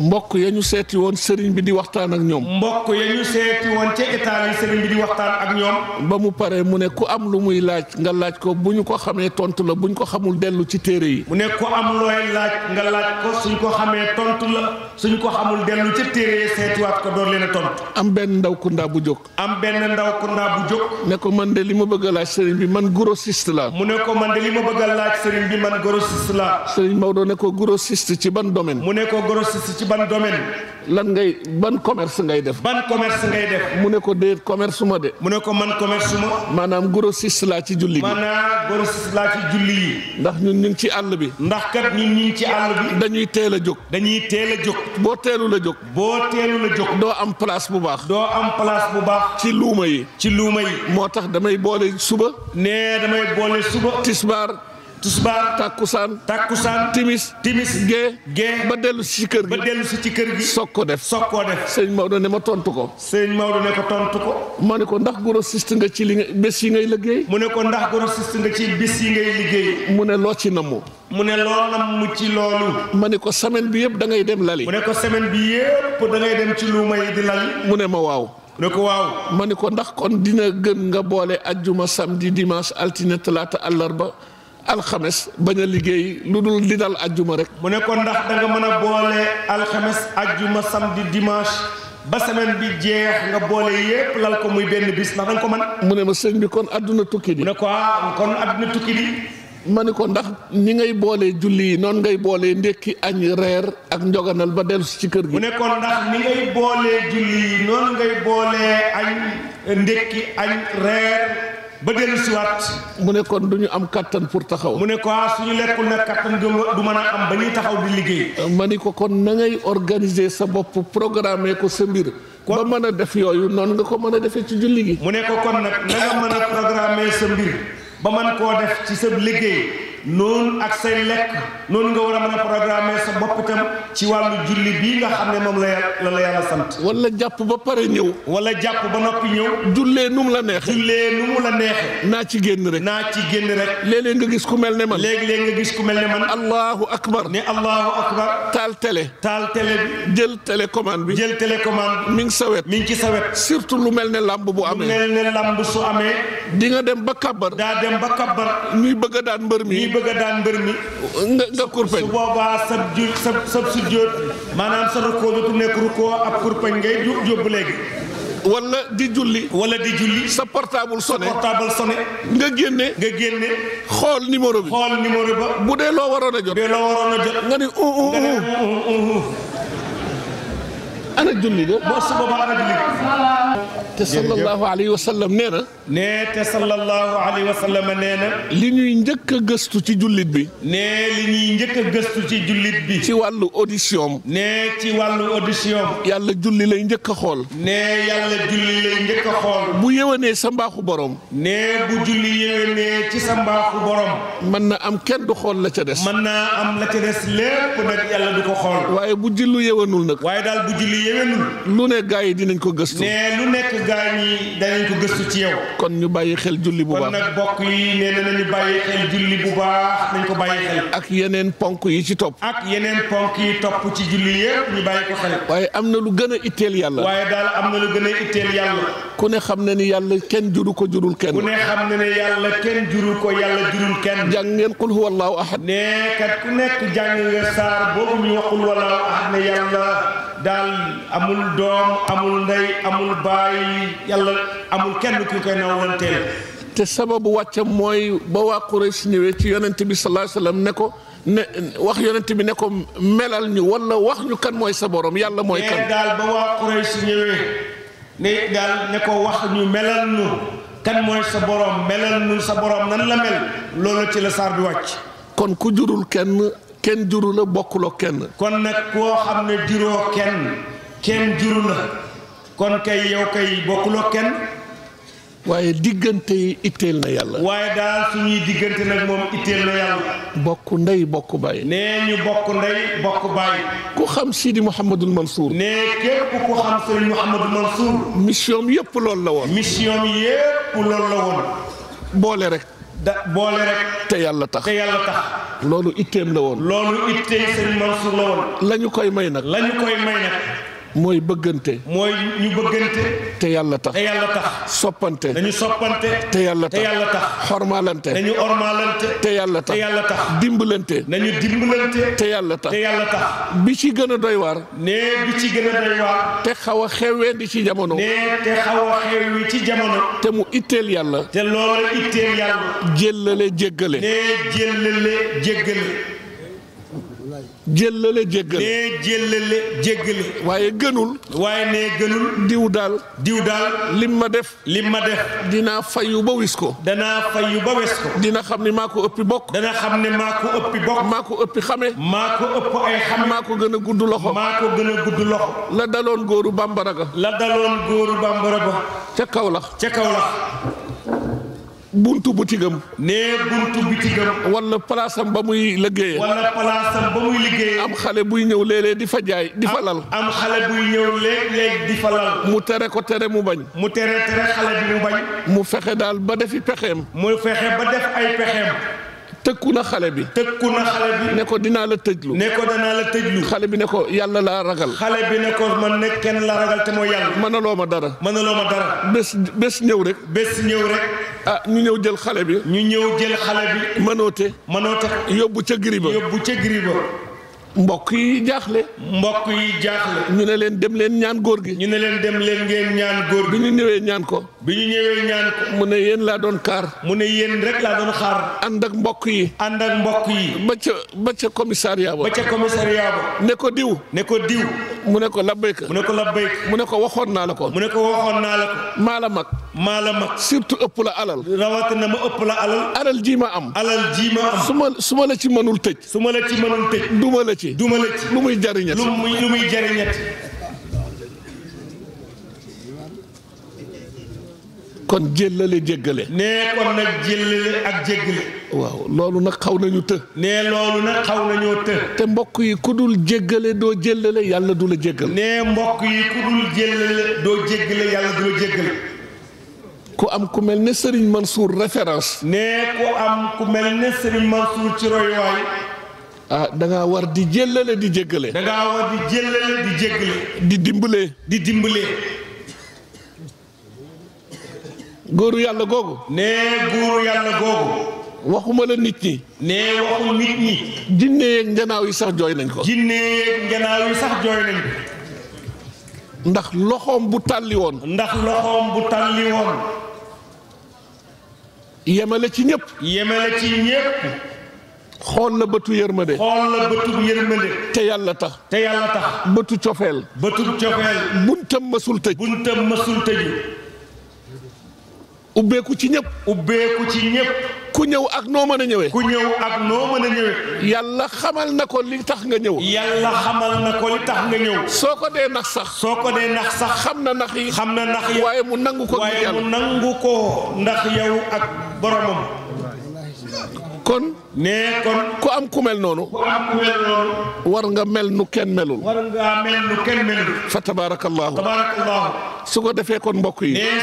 mbokk ya ñu seeti woon sëriñ bi di waxtaan ak ñoom. mbokk ya ñu seeti woon ca état yi sëriñ bi di waxtaan ak ñoom. ba mu paree mu ne ku am lu muy laaj nga laaj ko bu ñu ko xamee tontu la bu ñu ko xamul dellu ci téere yi. mu ne ku am looy laaj nga laaj ko suñ ko xamee tontu la suñ ko xamul dellu ca téere yi seetiwaat leen a tontu. am benn ndaw kundaa bu jóg. am benn ndaw kundaa bu jóg. ne ko man de li ma bëgg a laaj sëriñ bi man grossiste la mu ne ko man de ma laaj sëriñ bi man grossiste la sëriñ Maodo ne ko grossiste ci ban domaine. mu ne ban domaine. lan ngay ban commerce ngay def. ban commerce ngay def. mu ne ko déet commerce ma de. mu ne ko man commerce ma. maanaam grossiste laa ci julli bi. maanaam grossiste laa ci yi. ndax ñun ñu ngi ci àll bi. ndax kat ñun ñu ci àll bi. dañuy teel a jóg. dañuy teel a jóg. boo teelu la jóg. boo teelu la jóg. doo am place bu baax. doo am place bu baax. ci luuma yi. ci luuma yi. moo tax damay boole suba. nee damay boole suba. tisbaar. Tisbaar takkusaan takkusaan timis timis gée gée ba dellu si ci kër gi ba dellu si ci kër gi soog ko def soog koo def sëñ Maodo ne ma tontu ko sëñ Maodo ne ko tontu ko ma ne ko ndax grossiste nga ci li nga bés yi ngay liggéey mu ne ko ndax grossiste nga ci bés yi ngay liggéey mu ne loo ci namu mu ne lool namu ci loolu ma ne ko semaine bi yëpp da ngay dem lali mu ne ko semaine bi yëpp da ngay dem ci luuma yi di lali mu ne ma waaw ne ko waaw ma ne ko ndax kon dina gën nga boole ajjuma samedi dimanche altine talaata àllarba alxames bañ a liggéey lu dul di dal ajjuma rek. mu ne ko ndax da mën a boole alxames ajjuma samedi dimanche ba semaine bi jeex nga boole yépp lal ko muy benn bis ndax da ko man mu ne ma sëñ bi kon àdduna tukki di. mu ne ko ah kon àdduna tukki di. ma ni ko ndax ni ngay boolee julli yi noon ngay boolee ndékki añ reer ak njoganal ba dellu si ci kër gi. mu ne ko ndax ni ngay boolee julli yi noonu ngay boolee añ ndékki añ reer. ba dellu siwaat mu ne kon du ñu am kattan pour taxaw mu ne ko ah, suñu lekkul nag kattan du mën a am ba ñuy taxaw di liggéey ma ni ko kon na ngay organiser sa bopp programmer ko sa mbir ba mën a def yooyu noonu nga ko mën a defee ci julli gi mu ne ko kon nag na nga a programmer sa mbir ba mën koo def ci sa liggéey noonu ak say lekk noonu nga war a mën a programmer sa bopp itam ci wàllu julli bii nga xam ne moom la yàlla la yàlla sant. walla jàpp ba pare ñëw. wala jàpp ba noppi ñëw. jullee nu la neexee. jullee naa ci génn rek. naa ci génn rek. léeg-léeg nga gis ku mel ne man. léegi léeg nga gis ku mel ne man. allahu akbar. ne allahu akbar. taal télé. taal télé bi. jël télécommande bi. jël télécommande bi. mi ngi sawet. mi ngi ci sawet. surtout lu mel ne lamb bu amee. lu mel ne lamb su amee. di nga dem ba kabbar. daa dem ba bëgg a mbër mi bëgg a daan mbër mi. nga nga kurpeñ. su boobaa sa ju sa sa sujjóot maanaam sa rukkoo dootu nekk rukkoo ab kurpeñ ngay jóbbu léegi. wala di julli. wala di julli. sa portable sonné sa portable sonné. nga génne. nga génne. xool numéro bi. xool numéro ba. bu dee loo waroon a jot. a nga ni un un un. ana julli de. boo su boobaa ana julli. te sallallahu alayhi wa sallam nee na. nee te nee na. li ñuy njëkk a gëstu ci jullit bi. nee li ñuy njëkk a gëstu ci jullit bi. ci wàllu audition am. nee ci wàllu audition yàlla julli lay njëkk a xool. nee yàlla julli lay njëkk xool. bu yéwénee sa mbaaxu boroom nee bu julli yéwénee ci sa mbaaxu borom. mën na am kenn du xool la ca des. man naa am la ca des lépp nag yàlla du ko xool. waaye bu julli yéwénul nag. waaye daal bu julli yéwénul. lu ne gaa dinañ ko gëstu. gaa ñi danañ ko gëstu ci yow. kon ñu bàyyi xel julli bu baax kon nag bokk yi nee na nañu bàyyi xel julli bu baax nañ ko bàyyi xel. ak yeneen ponk yi ci topp. ak yeneen ponk yi topp ci julli yëpp ñu bàyyi ko xel. waaye am na lu gën a itteel yàlla. waaye daal am na lu gën a itteel yàlla. ku ne xam na ni yàlla kenn juru ko jurul kenn. ku ne xam na ne yàlla kenn jurul ko yàlla jurul kenn. jàng ngeen qul huwa allahu ahad. nee kat ku nekk jàng saar boobu ñu wax huwa allahu ahad ne yàlla daal amul doom amul ndey amul baay yàlla amul kenn ku koy nawlanteel te sababu wàccam mooy ba waa Quraysh ñëwee ci yonent bi sallallahu alayhi wasallam ne wax yonent bi ne ko melal ñu wala wax ñu kan mooy sa boroom yàlla mooy kan daal ba waa Quraysh ñëwee ko wax ñu melal ñu mooy sa borom melal ñu sa borom nan la mel loolu ci la saar bi wàcc kon ku kenn kenn juru la bokkuloo kenn. kon nag koo xam ne juróo kenn kenn juru la kon kay yow kay bokkuloo kenn. waaye diggante yi itteel na yàlla. waaye daal suñuy diggante nag moom itteel na yàlla. bokk ndey bokk baay. nee ñu bokk ndey bokk baay. ku xam Sidi Mouhamadul Mansour. nee képp ku xam Sëriñ Mouhamadul Mansour. mission yëpp loolu la woon. mission yëpp loolu la woon. boole rek. da boole rek. te yàlla tax te yàlla tax. loolu itteem la woon. loolu itteem sëñ Mansour la woon. la ñu koy may nag. la ñu koy may nag. mooy bëggante. mooy ñu bëggante. te yàlla tax te yàlla tax. soppante dañu soppante. te yàlla tax te yàlla tax. xormaalante dañu xormaalante. te yàlla tax yàlla tax. dimbalante dañu dimbalante. te yàlla tax te bi ci gën a doy waar. nee bi ci gën doy waar. te xaw a xewee di ci jamono. nee te xaw a ci jamono. te mu itteel yàlla. te loola itteel yàlla. jëllale jéggale. nee jëllale jéggale. jéllale jéggale nee jéllale jéggale waaye gënul waaye nee gënul diw daal diw daal lim ma def lim ma def dinaa fayu ba wis ko danaa fayu ba wis ko dina xam ne maa ko ëpp bokk dana xam ne maa ko ëppi bokk maa ko ëpp xame maa ko ëpp ay xame maa ko gën a gudd loxo maa ko gën a gudd loxo la daloon góoru bambara ga la daloon góoru bambara ba ca kaw la ca kaw bu buntu ne nee buntu butigam. wala palaasam ba muy liggéeyee. wala palaasam ba muy liggéeyee. am xale buy ñëw léeg di fa jaay di fa lal. am xale buy ñëw léeg-léeg di fa lal. mu tere ko tere mu bañ. mu tere tere xale bi mu bañ. mu fexe daal ba defi pexeem. mu fexe ba def ay pexeem. tëkku na xale bi. tëkku na xale bi. ne ko dinaa la tëjlu. ne ko dinaa la tëjlu. xale bi ne ko yàlla laa ragal. xale bi ne ko man ne kenn la ragal te moo yàlla. mënaloo ma dara. mënaloo ma dara. bés bés ñëw rek. bés ñëw rek. ah ñu ñëw jël xale bi. ñu ñëw jël xale bi. mënoote. mënoote. yóbbu ca giri ba. yóbbu ca giri ba. mbokk yi jaaxle. mbokk yi jaaxle. ñu ne leen dem leen ñaan góor gi. ñu ne leen dem leen ngeen ñaan góor gi. bi ñu ñëwee ñaan ko. bi ñu ñëwee ñaan ko. mu ne yéen laa doon kaar. mu ne yéen rek laa doon xaar. ànd ak mbokk yi. ànd ak mbokk yi. ba ca ba ca commissariat ba. ba ca commissariat ba. ne ko diw. ne ko diw. mu ne ko labbayka. mu ne ko labbayka. mu ne ko waxoon naa la ko. mu ne ko waxoon naa la ko. maa la mag. maa la mag. surtout ëpp la alal. rawatina ma ëpp la alal. alal ji ma am. alal ji ma am. su ma su ma la ci mënul tëj. su ma la ci mënul tëj. duma la ci duma la ci lu muy jariñet lu muy kon jéllale jéggale nee kon nag jéllale ak jéggale waaw loolu nag xaw nañu të nee loolu nag xaw nañoo të te mbokk yi ku dul jéggale doo jéllale yàlla du la jéggal nee mbokk yi ku dul jéllale doo jéggale yàlla du la jéggale ku am ku mel ne sëriñ Mansour référence nee ku am ku mel ne Serigne Mansour ci royuwaay ah da war di jëlale di jéggale. da ngaa war di jëllale di jéggale. di dimbale. di dimbale. góoru yàlla googu. nee góoru yàlla googu. waxuma la nit ñi. nee waxul nit ñi. jinne yeeg njanaaw yi sax jooy nañ ko. jinne yeeg njanaaw yi sax jooy nañ ko. ndax loxoom bu tàlli woon. ndax loxoom bu tàlli woon. yemale ci ñëpp. yemale ci ñëpp. xool la bëtu yërmande. xool la bëtu yërmande. te yàlla tax. te yàlla tax. bëtu cofeel. bëtu cofeel. buntam masul tëj. buntam masul tëj. ubbeeku ci ñëpp. ubbeeku ci ñëpp. ku ñëw ak noo mën a ñëwee. ku ñëw ak noo mën a ñëwee. yàlla xamal na ko li tax nga ñëw. yàlla xamal ko tax nga ñëw. soo ko dee nax sax. soo ko dee nax sax. xam na nax yi. xam na nax yi waaye mu nangu ko. waaye mu nangu ko ndax yow ak boromam. kon. nee ko ku am ku mel noonu. war nga mel nu kenn melul. war nga mel nu kenn fa tabaarakallaahu. tabaarakallaahu. su ko defee kon mbokk yi. nee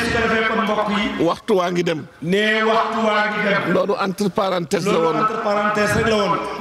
waxtu waa ngi dem. nee waxtu waa ngi dem. loolu entre parenthèse la woon. loolu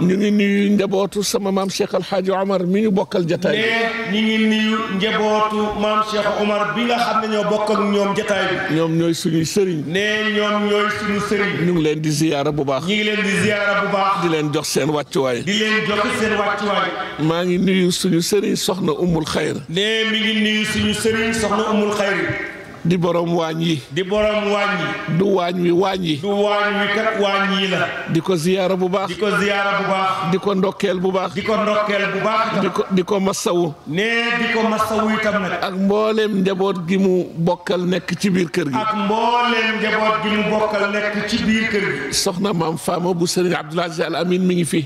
entre ngi nuyu njabootu sama maam Cheikh Al Hadj Omar mi ñu bokkal jotaay bi. nee ñu ngi nuyu njabootu maam Cheikh Omar bi nga xam ne ñoo bokk ak ñoom jotaay bi. ñoom ñooy suñuy sëriñ. nee ñoom ñooy suñu sëriñ. ñu ngi leen di ziyaara bu baax. ñu ngi leen bu baax. di leen jox seen wàccuwaay. di leen jox maa ngi nuyu suñu sëriñ soxna Umul Xayr. nee mi ngi suñu sëriñ soxna Umul Xayr. di borom waañ yi. di borom waañ du waañ wi waañ yi. du waañ wi kat waañ yi la. di ko ziyaara bu baax. di ko ziyaara bu baax. di ko ndokkeel bu baax. di ko ndokkeel bu baax. nee di ko masawu itam nag. ak mbooleem njaboot gi mu bokkal nekk ci biir kër gi. ak mbooleem njaboot gi mu bokkal nekk ci biir kër gi. soxna maam Fama bu sëriñ Abdoul Al Amin mi ngi fi.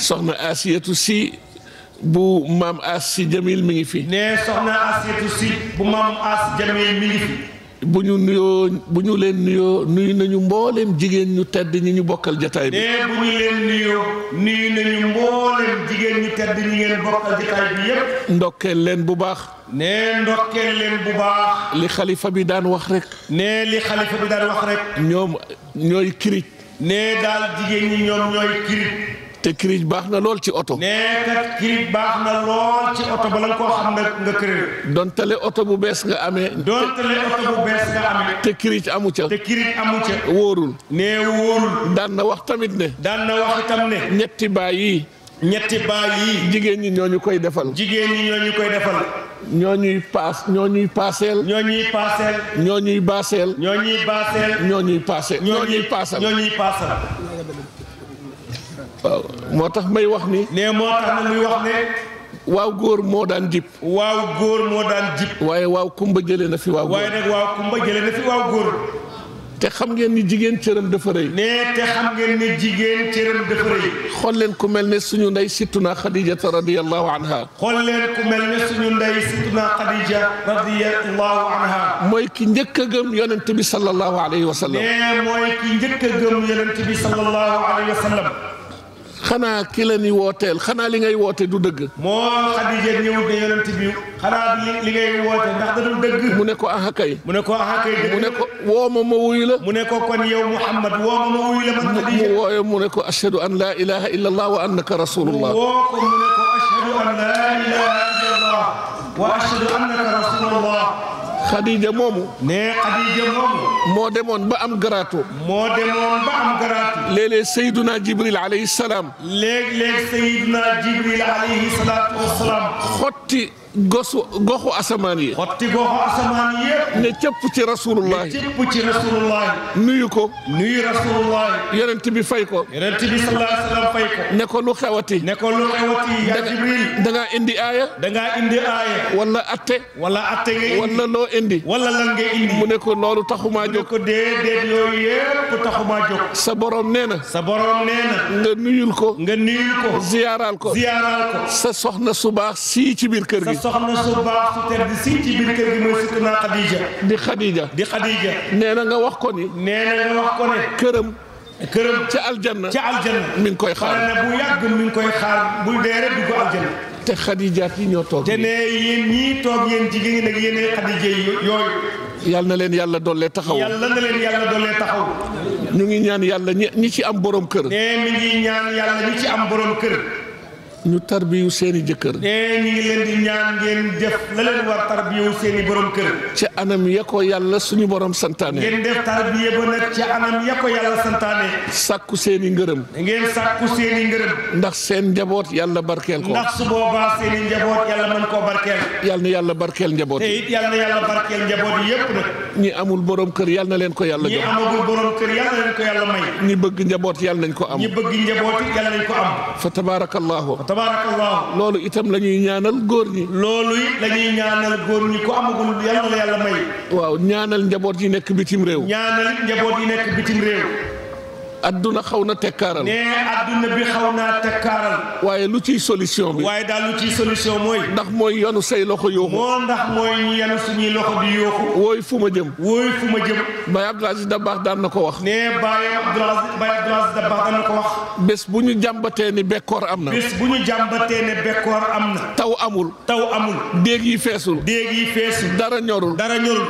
soxna maam si. bu maam As si Jamil mi ngi fi. nee soxna Asietu si bu maam As Jamil mi ngi fi. bu ñu nuyoo bu ñu leen nuyoo nuyu nañu mboolem jigéen ñu tedd ñi ñu bokkal jataay bi. nee bu jigéen ñu tedd ñi ngeen bokkal yépp ndokkeel leen bu baax. nee ndokkeel leen bu baax. li xalifa bi daan wax rek. nee li xalifa bi daan wax rek. ñoom ñooy kirij. nee daal jigéen ñi ñoom ñooy kirij. te kirij baax na lool ci oto. nee kat kirij baax na lool ci oto bala nga koo xam nga nga kër. dontale oto bu bees nga amee. oto bu bees nga amee. te kirij amu ca. te amu ca. wóorul. nee wóorul. daan na wax tamit ne. daan na wax tam ne. ñetti baay yi. ñetti baay yi. jigéen ñi ñoo ñu koy defal. jigéen ñi ñoo ñu koy defal. ñoo ñuy paas ñoo ñuy paaseel. ñoo ñuy ñoo ñuy baaseel. ñoo ñuy ñoo ñuy paaseel. ñoo ñuy paasal. ñoo ñuy paasal. waaw moo tax may wax ni. ne moo tax na muy wax ne. waaw góor moo daan jib. waaw góor moo daan jib. waaye waaw kumba jëlee na fi waaw góor waaye nag waaw kumba jëlee na fi waaw góor. te xam ngeen ni jigéen cëram dafa rëy. nee te xam ngeen ni jigéen cëram dafa rëy. xool leen ku mel ne suñu ndey sittuna Xadijata radiyallahu anha. xool leen ku mel ne suñu ndey sittuna Xadija radiyallahu anha. mooy ki njëkk a gëm yonent bi sallallahu alayhi wa sallam. nee mooy ki njëkk a gëm yonent bi sallallahu alayhi wa sallam. xanaa ki la ni wooteel xanaa li ngay woote du dëgg. moo Xadija ñëwut ne yonent bi xanaa li ngay woote ndax da dul dëgg. mu ne ko ah kay. mu ne mu ne ko woo ma ma wuyu la. mu la man Xadija. mu wa annaka rasulullah. mu Khadija moomu. nee moomu. moo demoon ba am garaatu. moo demoon ba am garaatu. léeg-léeg Seydina Jibril alayhi salaam. léeg-léeg Seydina Jibril alayhi xotti. gosu goxu asamaan yi. ne cëpp ci rasulullah. nuyu ko. nuyu rasulullah. yonent fay ko. yonent bi sallallahu alayhi wasallam ne ko lu xewati. ne ko lu xewati yaa Jibril. indi aaya. da wala atte. wala atte nga indi. wala mu ne ko loolu taxumaa jóg. mu ne ko déedéet yooyu yëpp sa borom nee na. sa borom nee nga nuyul ko. nga nuyul ko. ziyaaraal ko. sa soxna su baax sii ci biir kër gi. soxna su baax su tedd si ci biir kër di mooy surtout naa Khadija. di Khadija di nee na nga wax ko ni. nee na nga wax ko ne. këram. këram ca aljanna ca aljanna. mi ngi koy xaar ne bu yàgg mi ngi koy xaar buy dee rek dugg aljanna. te Khadija yi ñoo toog. te ne yéen ñii toog yéen jigéen ñi nag yéenay Khadija yooyu. yàlla na leen yàlla dollee taxaw yàlla na leen yàlla dollee ñu ngi ñaan yàlla ñi ci am borom kër. ñi ci am borom kër. ñu tarbiyu seeni jëkkër. nee ñu ngi leen di ñaan ngeen def la leen war tarbiyu seeni borom kër. ci anam ya ko yàlla suñu borom santaane. ngeen def tarbiye ba nag ci anam ya ko yàlla santaane. sàkku seeni ngërëm. ngeen sàkku seeni ngërëm. ndax seen njaboot yàlla barkeel ko. ndax su boobaa seeni njaboot yàlla mën koo barkeel. na yàlla barkeel njaboot it yal na yàlla barkeel njaboot yi yëpp nag. ñi amul borom kër yal na leen ko yàlla jox. ñi kër yal na leen ko yàlla may. ñi bëgg njaboot yàlla nañ ko am. ñi bëgg njaboot yal ko am. fa tabarakallahu tabaarakallaahu loolu itam la ñuy ñaanal góor ñi loolu lañuy la ñuy ñaanal góor ñi ku amagul yàlla la may waaw ñaanal njaboot yi nekk bitim réew ñaanal njaboot yi nekk bitim réew adduna xaw na tekkaaral. nee adduna bi xaw naa tekkaaral. waaye lu ciy solution bi. waaye daal lu ciy solution mooy. ndax mooy yanu say loxo yooxu. moo ndax mooy yanu suñuy loxo di yooxu. wooy fu ma jëm. wooy fu ma jëm. Baye Abdoul Aziz Dabakh daan na ko wax. nee Baye Abdoul daan na ko wax. bés bu ñu jàmbatee ni bekkoor am na. bés bu ñu jàmbatee ni bekkoor am na. taw amul. taw amul. déeg yi feesul. déeg yi feesul. dara ñorul. dara ñorul.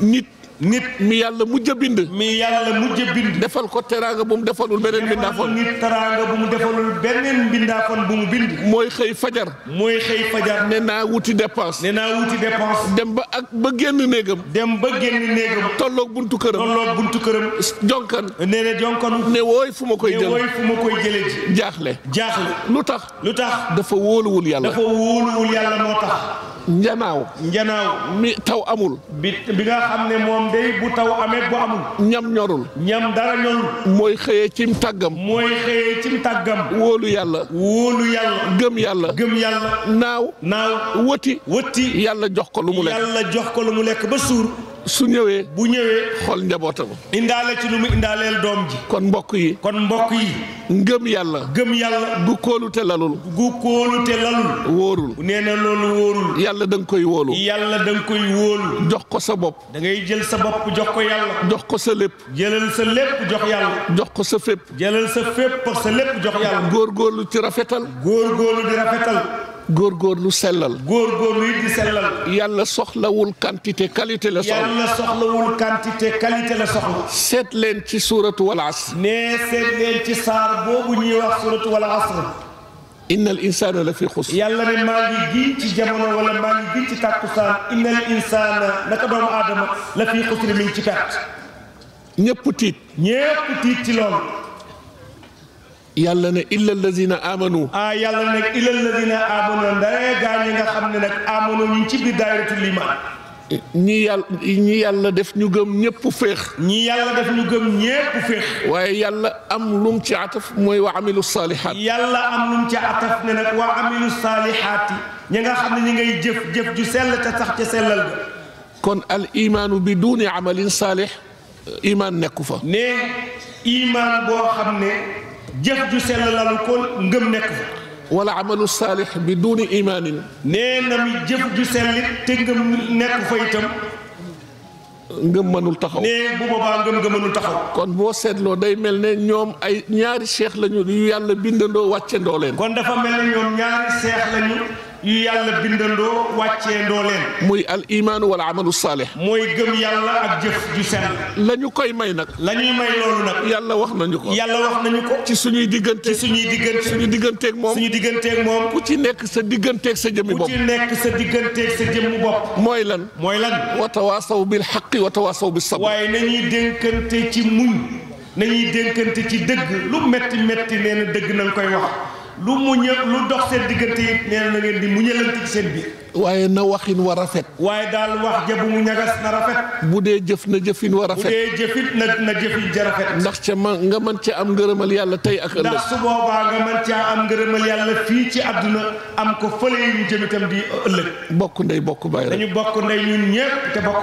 nit. nit mi yàlla mujj a bind. mi yàlla mujj a bind. defal ko teraanga bu mu defalul beneen mbindaafoon. defal nit teraanga bu mu defalul beneen mbindaafoon bu mu bind. mooy xëy fajar. mooy xëy fajar. ne naa wuti dépense. nee naa wuti dépense. dem ba ak ba génn néegam. dem ba génn néegam. tolloog buntu këram. tolloog buntu këram. jonkan. nee na jonkan. ne wooy fu ma koy jël fu ma koy jëlee ji. jaaxle. jaaxle lu tax. lu tax dafa wóoluwul yàlla. dafa wóoluwul yàlla moo tax. njanaaw njanaaw mi taw amul bi bi nga xam ne moom day bu taw amee bu amul ñam ñorul ñam dara ñorul mooy xëyee cim tàggam mooy xëyee cim tàggam wóolu yàlla wóolu yàlla gëm yàlla gëm yàlla naaw naaw wëti wëti yàlla jox ko lu mu yàlla jox ko lu mu lekk ba suur su ñëwee. bu ñëwee. xool njabootam. indaale ci lu mu indaaleel doom ji. kon mbokk yi. kon mbokk yi. ngëm yàlla. ngëm yàlla. gu kóolute lalul. gu kóolute lalul. wóorul. nee na loolu wóorul. yàlla da koy wóolu. yàlla da nga koy wóolu. jox ko sa bopp. da ngay jël sa bopp jox ko yàlla. jox ko sa lépp. jëlal sa lépp jox yàlla. jox ko sa fépp. jëlal sa fépp ak sa lépp jox yàlla. góorgóorlu ci rafetal. góorgóorlu di rafetal. góor góor lu it di sellal. yàlla soxlawul quantité qualité la soxla. yàlla soxlawul quantité qualité la soxla. seet leen ci suuratu wal asr. nee seet leen ci saar boobu ñuy wax suuratu wal asr. innal insaana la fi xusr. yàlla ne maa ngi giñ ci jamono wala maa ngi giñ ci tàkkusaan innal insaana naka doomu aadama la fi xusr mi ngi ci perte. ñëpp tiit. ñëpp tiit ci loolu. yàlla ne illal lazina amanu ah yàlla ne illal lazina amanu ndaree gaa ñi nga xam ne nag amanu ñu ci biir daayiratul iman eh, ñi yàlla ñi yàlla def ñu gëm ñëpp féex ñi yàlla def ñu gëm ñëpp féex waaye yàlla am lum ci ataf mooy wa amilu saalihaat yàlla am lum ci ataf ne nag wa amilu saalihaat yi ñi nga xam ne ñi ngay jëf jëf ju sell te sax ca sellal ga kon al imaanu bi duuni amalin saalih eh, imaan nekku fa ne imaan boo xam ne jëf ju sell lalu ko ngëm nekk fa wala amalu saalix bi duni imaanin nee na mi jëf ju sellit te ngëm nekk fa itam ngëm mënul taxaw nee bu boobaa ngëm nga taxaw kon boo seetloo day mel ne ñoom ay ñaari seex lañu yu yàlla bindandoo wàccendoo leen kon dafa mel ne ñoom ñaari seex lañu yu yàlla bindandoo wàcceendoo leen. muy al imaanu wala amalu saalih. mooy gëm yàlla ak jëf ju sell. la ñu koy may nag. la ñuy may loolu nag. yàlla wax nañu ko. yàlla wax nañu ko. ci suñuy diggante ci suñuy diggante. suñu digganteeg moom suñu digganteeg moom. ku ci nekk sa digganteeg sa jëmmi bopp. ku ci nekk sa digganteeg sa jëmmi bopp. mooy lan. mooy lan. wa bi bil xaqi wa tawaasaw bis sabr. waaye nañuy dénkante ci muñ. nañuy dénkante ci dëgg lu metti metti nee na dëgg nañ koy wax. lu muñ lu dox seen diggante it nee na ngeen di muñalante ci seen biir waaye na waxin wa rafet. waaye daal wax ja bu mu na rafet. bu dee jëf na jëfin wa rafet. bu dee jëfit na na jëfin ndax ca ma nga mën cee am ngërëmal yàlla tey ak ëllëg. ndax su boobaa nga mën cee am ngërëmal yàlla fii ci àdduna am ko fële yi ñu di ëllëg. bokk ndey bokk baay rek. dañu bokk ndey ñun ñëpp te bokk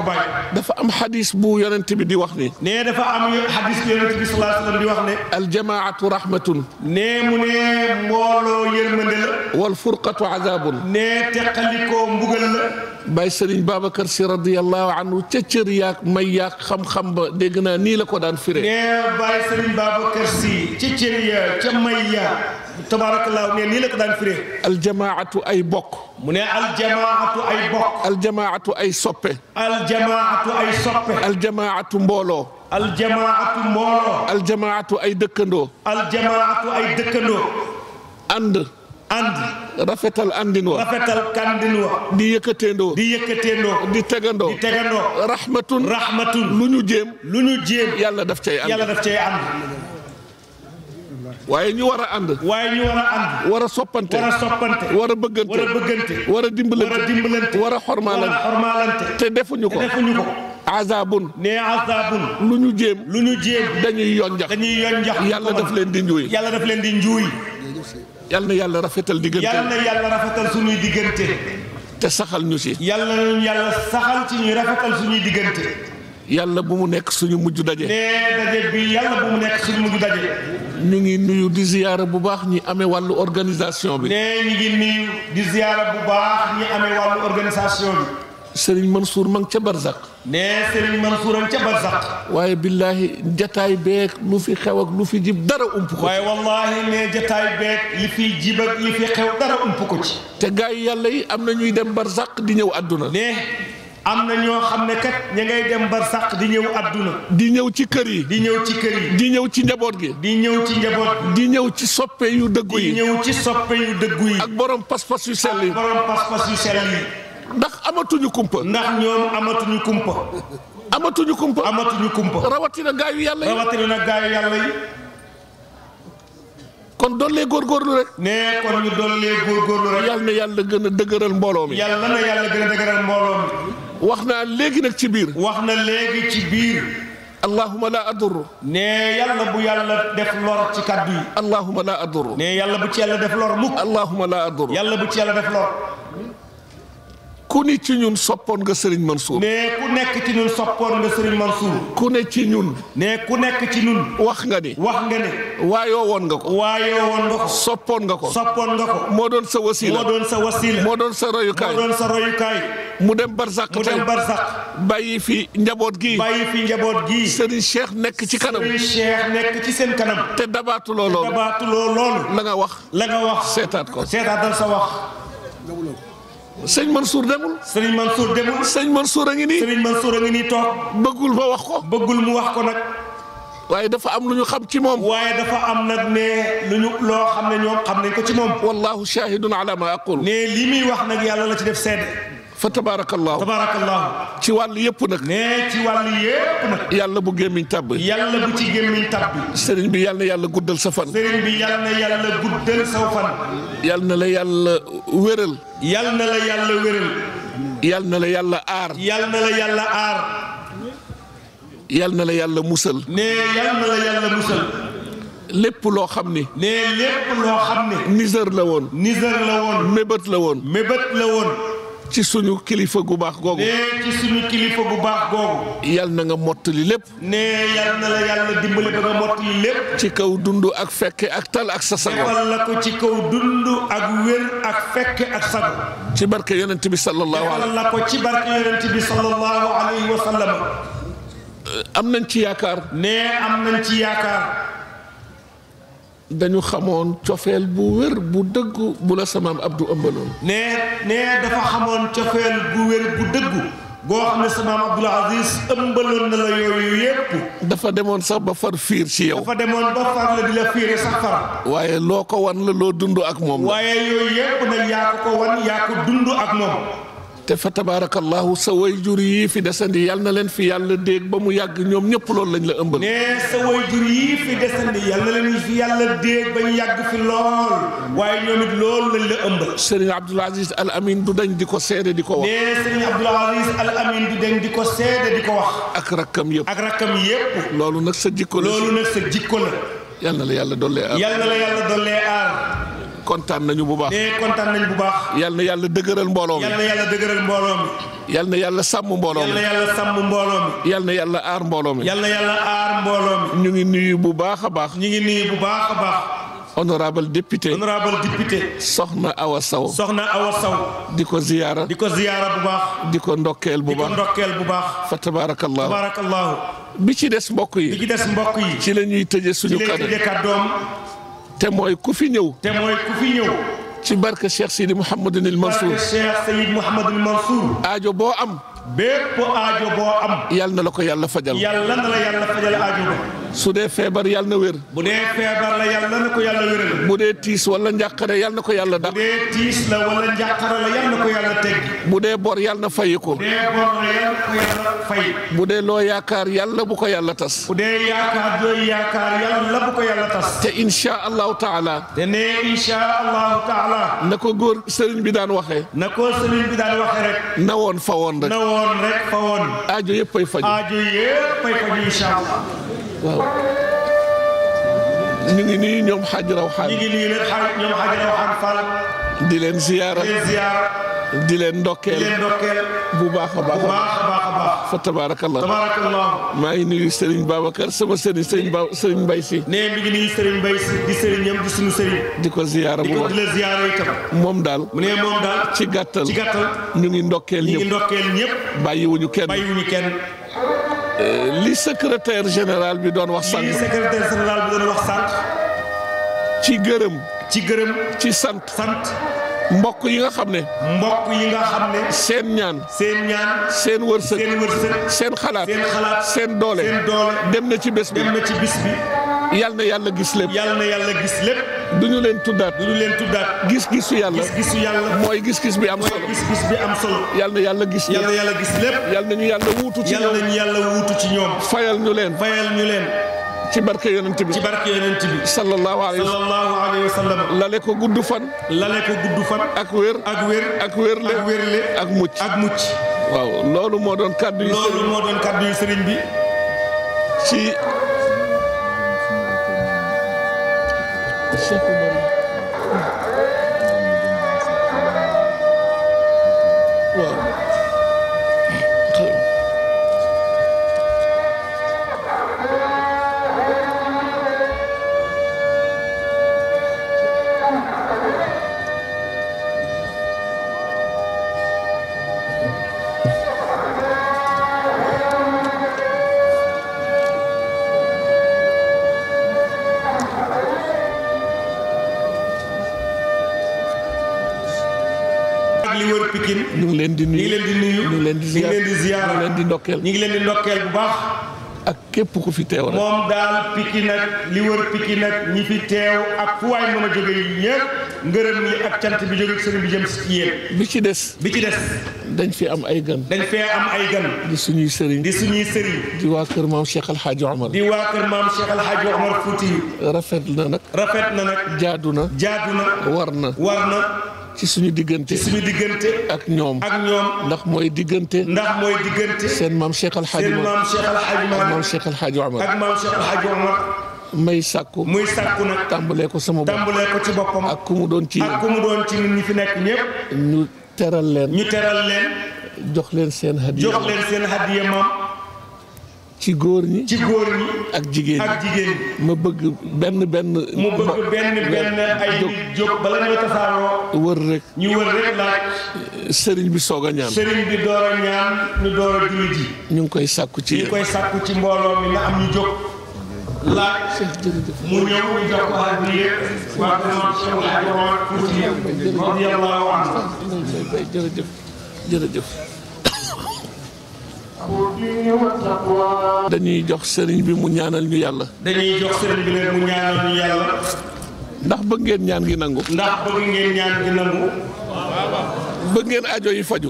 dafa am xadis bu yonent bi di wax ni. nee dafa am xadis bu yonent bi wa sallam di wax ne. aljamaatu rahmatun. nee mu ne mbooloo yërmande wal furqatu azabun. nee teqaliko woo mbugal la. Baay Sëriñ Babacar Si radiyallahu anhu ca cër yaak may yaak xam-xam ba dégg naa nii la ko daan firee. nee Baay Sëriñ Babacar Si ca cër ya ca may ya tabaarakallaahu nee nii la ko daan firee. aljamaatu ay bokk. mu ne aljamaatu ay bokk. aljamaatu ay soppe. aljamaatu ay soppe. aljamaatu mbooloo. aljamaatu mbooloo. aljamaatu ay dëkkandoo. aljamaatu ay dëkkandoo. ànd. ànd rafetal àndin wa rafetal kàndin di yëkkateendoo di yëkkateendoo di tegandoo di tegandoo rahmatun lu ñu jéem lu ñu jéem yàlla daf cay ànd yàlla waaye ñu war a ànd waaye ñu war a ànd war a soppante war a soppante war a bëggante war dimbalante war a te defuñu ko defuñu ko azabun ne azabun lu ñu jéem lu ñu jéem dañuy yonjax dañuy yonjax yàlla daf leen di njuuy yàlla leen di njuuy yàlla na yàlla rafetal diggante yal na yàlla rafetal suñuy diggante. te saxal ñu si. yal na ñu yàlla saxal ci ñuy rafetal suñuy diggante. yàlla bu mu nekk suñu mujj daje. nee daje bi yàlla bu mu nekk suñu mujj daje. ñu ngi nuyu di ziyaara bu baax ñi amee wàllu organisation bi. nee ñu ngi nuyu di ziyaara bu baax ñi amee wàllu organisation bi. Serigne Mansour ma nga ca Barzak. nee Serigne Mansour a nga ca Barzak. waaye billaahi jataay beeg lu fi xew ak lu fi jib dara ump ko. waaye wallaahi nee jataay beeg li li fi xew dara ci. te gars yi yàlla yi am na ñuy dem Barzak di ñëw àdduna. nee am na ñoo xam ne kat ña ngay dem Barzak di ñëw àdduna. di ñëw ci kër yi. di ñëw ci kër yi. di ñëw ci njaboot gi. di ñëw ci njaboot ñëw ci soppe yu dëggu yi. di ñëw ci soppe yu dëggu yi. ak borom pas-pas yu sell yi. ak borom pas-pas yu sell yi. ndax amatuñu kumpa. ndax ñoom amatuñu kumpa. amatuñu kumpa amatuñu kumpa. rawatina gaayu yàlla yi rawatina gaayu yàlla yi. kon dollee góorgóorlu rek. nee kon ñu dollee góorgóorlu rek. yàlla na yàlla gën a dëgëral mbooloo mi. yàlla na yàlla gën a dëgëral mbooloo mi. wax naa léegi nag ci biir. wax na léegi ci biir. allahuma la adur. nee yàlla bu yàlla def lor ci kaddu yi. allahuma la adur. nee yàlla bu ci yàlla def lor mukk. allahuma la adur. yàlla bu ci yàlla def ku ni ci ñun soppoon nga Serigne Mansour. ne ku nekk ci ñun soppoon nga Serigne Mansour. ku ne ci ñun. ne ku nekk ci ñun. wax nga ni. wax nga ne. waayoo woon nga ko. waayoo woon nga ko. soppoon nga ko. soppoon nga ko. moo doon sa wasiila. moo doon sa wasiila. moo doon sa royukaay. moo sa royukaay. mu dem Barzak. mu dem Barzak. bàyyi fi njaboot gii. bàyyi fi njaboot gii. Serigne Cheikh nekk ci kanam. Serigne Cheikh nekk ci seen kanam. te dabaatuloo loolu. te dabaatuloo la nga wax. la nga wax seetaat ko. seetaatal sa wax. sëñ Mansour demul. sëñ Mansour demul. sëñ Mansour a ngi nii. sëñ nii toog. bëggul ma wax ko. bëggul mu wax ko nag. waaye dafa am lu ñu xam ci moom. waaye dafa am nag ne lu loo xam ne ñoom xam nañ ko ci moom. wallahu shahidun ala ma aqul. ne li muy wax nag yàlla la ci def seede. fa tabaarakallaahu tabaarakallaahu ci wàll yépp nag. nee ci wàll yëpp nag. yàlla bu gémmiñ tàbb. yàlla bu ci gémmiñ tàbb. sëriñ bi yàlla yàlla guddal sa fan. yàlla yàlla sa fan. yàlla na la yàlla wéral. yàlla na la yàlla wéral. yàlla na la yàlla aar. yàlla la yàlla aar. yàlla na la yàlla musal. nee yàlla yàlla musal. lépp loo xam ni. nee lépp loo xam ni. misère la woon. misère la woon. mébét la woon. ci suñu kilifa gu baax googu. nee ci suñu kilifa gu baax googu. yal na nga mottali lépp. nee yal na la yàlla dimbali ba nga mottali lépp. ci kaw dund ak fekke ak tal ak sa sago. defal la ko ci kaw dund ak wér ak fekke ak sago. ci barke yonent bi sallallahu alayhi. defal ko ci barke yonent bi sallallahu alayhi am nañ ci yaakaar. nee am nañ ci yaakaar. dañu xamoon cofeel bu wér bu dëggu bu la sa maam Abdou ëmbaloon. nee nee dafa xamoon cofeel bu wér bu dëggu boo xam ne sa maam Abdoul Aziz ëmbaloon na la yooyu yépp dafa demoon sax ba far fiir ci yow. dafa demoon ba far la di la fiire sax far. waaye loo ko wan la loo dund ak moom waaye yooyu yépp nag yaa ko ko wan yaa ko dund ak moom. te fa tabaarakallahu sa way jur fi desandi yal na leen fi yàlla déeg ba mu yàgg ñoom ñëpp loolu lañ la ëmbal. ne sa way jur yi fi desandi yal na leen fi yàlla déeg ba ñu yàgg fi lool waaye ñoom it loolu lañ la ëmbal. Serigne Abdoul Aziz Al Amin du dañ di ko seede di ko wax. ne Serigne Abdoul Aziz du dañ di ko seede di ko wax. ak rakkam yëpp ak yëpp. loolu na la yàlla dollee aar yal na kontaan nañu bu baax. nee kontaan nañu bu baax. yal na yàlla dëgëral mbooloo mi. yal na yàlla dëgëral mbooloo mi. yal na yàlla sàmm mbooloo mi. yal na yàlla sàmm mbooloo mi. yal na yàlla aar mbooloo mi. na yàlla aar mbooloo mi. ñu ngi nuyu bu baax a baax. ñu ngi nuyu bu a baax. honorable député honorable député soxna Awa Sow soxna Awa Sow di ko ziyaara di ko ziyaara bu baax di ko ndokkeel bu baax di ko ndokkeel bu baax fa tabaarakallaahu bi ci des mbokk yi ci des mbokk yi ci la ñuy tëje suñu kàddu doom te mooy ku fi ñëw. te mooy ku fi ñëw. ci barke Cheikh Sidi Mouhamadul Mansour. barke Cheikh Sidi Mouhamadul Mansour. aajo boo am. bépp aajo boo am. yàlla na la ko yàlla fajal. yàlla na la yàlla fajal aajo boo. su dee feebar yàlla na wér. bu dee feebar la yàlla na ko yàlla wéral. bu dee tiis wala njàqare yàlla na ko yàlla dàq. bu dee na ko bu dee bor yàlla na fay ko. bu dee bor la yàlla na ko yàlla fay. bu ko yàlla tas. bu dee yaakaar yooyu yaakaar yàlla bu ko yàlla tas. te incha taala. te ne incha taala. na ko góor sëriñ bi daan waxee. na ko sëriñ bi daan rek. na woon fa woon rek. na woon rek fa woon. aajo yëppay faju. aajo yëppay faju incha allah. waaw ñu ngi nii ñoom xaaj raw xaan. ñu ngi nii leen xaaj raw xaan Fall. di leen ziyaara di leen ziyaara. di bu baax baax fa tabaarakallah tabaarakallah. maa ngi nuyu Serigne Babacar sama Serigne Serigne Ba Serigne Mbaye si. nee mi ngi nuyu Serigne Mbaye si di Serigne am di sunu Serigne. di ko ziyaara bu baax di ko di la ziyaara itam. moom daal. mu ci gàttal ci gàttal. ñu ngi ndokkeel ñëpp ñu ñëpp. bàyyiwuñu kenn kenn. Euh, li secrétaire général bi doon wax sànq. li secrétaire général bi doon wax sànq. ci gërëm. ci gërëm. ci sant. sant. mbokk yi nga xam ne. mbokk yi nga xam ne. seen ñaan. seen ñaan. seen wërsëg. seen seen xalaat. seen xalaat. seen doole. seen dem na ci bés bi. dem na bi. yal na yàlla gis lépp. yal na yàlla gis lépp. duñu leen tuddaat duñu leen tuddaat gis-gisu yàlla gis-gisu yàlla mooy gis-gis bi am solo gis-gis bi am solo yàlla yàlla gis yàlla yàlla gis lépp yàlla nañu yàlla wuutu ci ñoom yàlla nañu yàlla wuutu ci ñoom fayal ñu leen fayal ñu leen ci barke yonent bi ci barke yonent bi sallallahu alayhi wa sallam lale ko gudd fan lale ko gudd fan ak wér ak wér ak wérle ak ak mucc ak mucc waaw loolu moo doon kàddu yu loolu kàddu yu sëriñ bi ci Cheikh Oumar di ndokkeel. ñu ngi leen di ndokkeel bu baax. ak képp ku fi teew rek. moom daal piki nag li wër piki nag ñi fi teew ak fu waay mën a jóge ñëpp ngërëm yi ak cant bi jóge sëriñ bi jëm si bi ci des. bi ci des. dañ fi am ay gan. dañ fee am ay gan. di suñuy sëriñ. di suñuy sëriñ. di waa kër maam Cheikh El Hadj Omar. di waa kër maam Cheikh El Hadj Omar Fouti. rafet na nag. rafet na nag. jaadu na. jaadu na. war na. war na. ci suñu diggante. suñu diggante. ak ñoom. ak ñoom ndax mooy diggante. ndax mooy diggante. seen maam Cheikh Al Hadj maam Cheikh Al ak maam Cheikh Al Hadj Omar. may sàkku. muy sàkku nag. tàmbalee ko sama bopp tàmbalee ko ci boppam. ak ku mu doon ci ak ku mu doon ci ñi fi nekk ñëpp. ñu teral leen. ñu teral leen. jox leen seen jox leen seen hadiya maam. ci góor ñi. ci góor ñi. ak jigéen ak jigéen ma bëgg benn benn. mu bëgg benn benn ay jóg bala ñuy tasaaroo. wër rek. ñu wër rek laaj. sëriñ bi soog a ñaan. sëriñ bi door ñaan ñu door a julli ñu ngi koy sakku ci. ñu ngi koy sàkku ci mbooloo mi na am ñu jóg. laaj mu ñëw ñu jox ko ak lii yëpp. waa vraiment Cheikh Alhaji Omar Fouti radiyallahu anhu. jërëjëf jërëjëf. dañuy jox sëriñ bi mu ñaanal ñu yàlla. dañuy jox sëriñ bi mu ñaanal ñu yàlla. ndax bëgg ngeen ñaan gi nangu. ndax bëgg ngeen ñaan gi nangu. bëgg ngeen yi faju.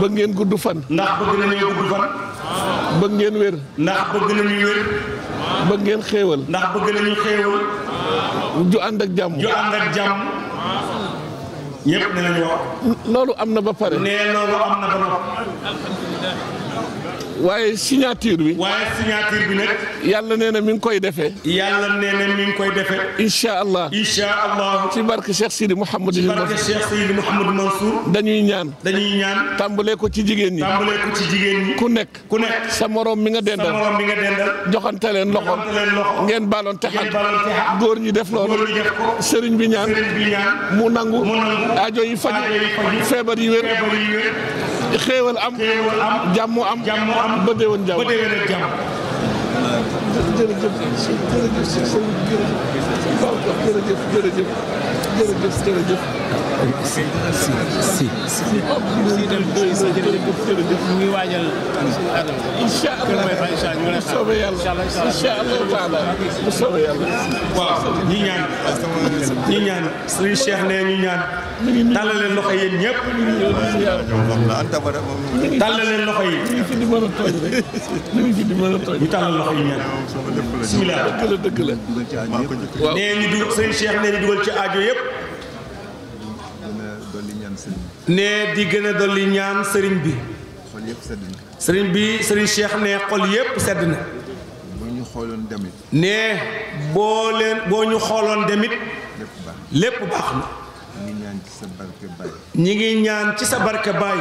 bëgg ngeen gudd fan. ndax bëgg nañu gudd fan. bëgg ngeen wér. ndax bëgg nañu wér. bëgg ngeen xéewal. ndax bëgg nañu xéewal. ju ànd ak jàmm. ju ànd ak jàmm. ñëpp dinañ wax. loolu am na ba pare. nee loolu am na ba noppi. waaye signature bi. waaye signature bi nag. yàlla nee na mi ngi koy defee. yàlla nee na mi ngi koy defee. incha allah incha allah. ci barke Cheikh Sidi Mouhamed. ci barke Cheikh Sidi Mouhamed Mansour. dañuy ñaan. dañuy ñaan. tàmbalee ko ci jigéen ñi. tàmbalee ko ci jigéen ñi. ku nekk. ku nekk sa morom mi nga dendal. sa morom nga dendal. joxante leen loxo. joxante leen loxo. ngeen baaloon te ngeen góor ñi def loolu. góor ñi def sëriñ bi ñaan. mu nangu. mu nangu. yi faju. yi feebar yi wér. feebar yi wér. xéewal am. xéewal am jàmm am. jàmm am ba déwén jàmm. jërëjëf jërëjëf si sëñ bi jërëjëf jërëjëf jërëjëf jërëjëf. si si si. si ñu ngi waajal. incha allah bu soobee yàlla incha allah bu soobee yàlla. waaw ñu ñaan ñu ñaan suñu cheikh nee ñu ñaan. tàllal leen loxo yéen ñëpp. tàllal leen loxo yi. ñu ngi fi di mën a tooñ rek. ñu ngi fi di mën a tooñ. ñu tàllal loxo yi ñaan. bismillah dëgg la dëgg la. nee ñu dugal sëñ Cheikh nee ñu dugal ci aajo yëpp. nee di gën a dolli ñaan sëriñ bi. sëriñ bi sëriñ Cheikh ne xol yëpp sedd na. nee boo leen boo ñu xooloon demit lépp baax na. ñi ngi ñaan ci sa barke baay.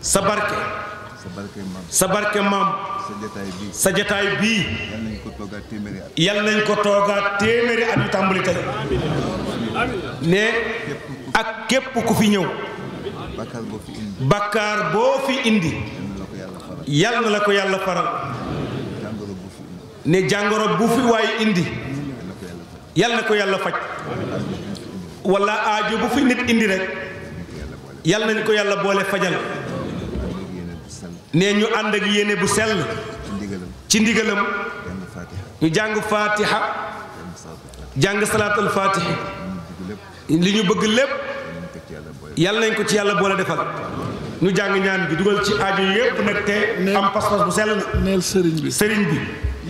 sa barke. sa barke maam. sa bii. yal nañ ko toogaat téeméeri at. yal nañ ko toogaat téeméeri ne ak képp ku fi ñëw. bakkaar boo fi indi. yal na la ko yàlla faral. ne jàngoro bu fi waay indi. yal na ko yàlla faj. wala aajo bu fi nit indi rek. yal nañ ko yàlla boole fajal. nee ñu ànd ak yéene bu sell ci ndigalam ñu jàng faatiha jàng salaatul faatihi li ñu bëgg lépp yàlla nañ ko ci yàlla boole defal ñu jàng ñaan bi dugal ci aajo yépp nag te am pas-pas bu sell na sëriñ bi sëriñ bi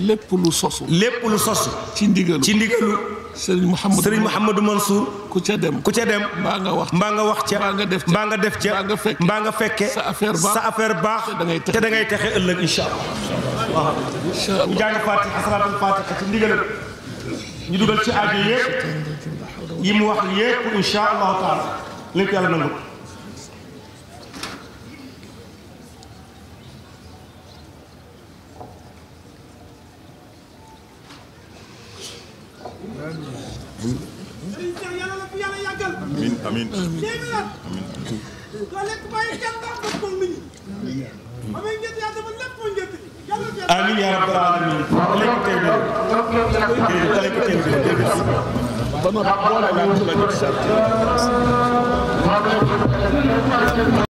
lépp lu sosu lépp lu sosu ci ndigalu ci ndigalu Serigne Mouhamadou Serigne Mouhamadou Mansour. ku ca dem ku ca dem. mbaa nga wax mbaa nga wax ca mbaa nga def ca mbaa nga def ca mbaa nga fekke mbaa nga fekke sa affaire baax sa affaire baax da ngay texe ëllëg incha allah. waaw incha allah ñu jàng Fatiha salaatul Fatiha ci ndigal ñu dugal ci aajo yëpp yi mu wax yëpp incha allahu taala lépp yàlla nangu. amiin amiin amiin yaa rabbal aalamiin ba ma boole laa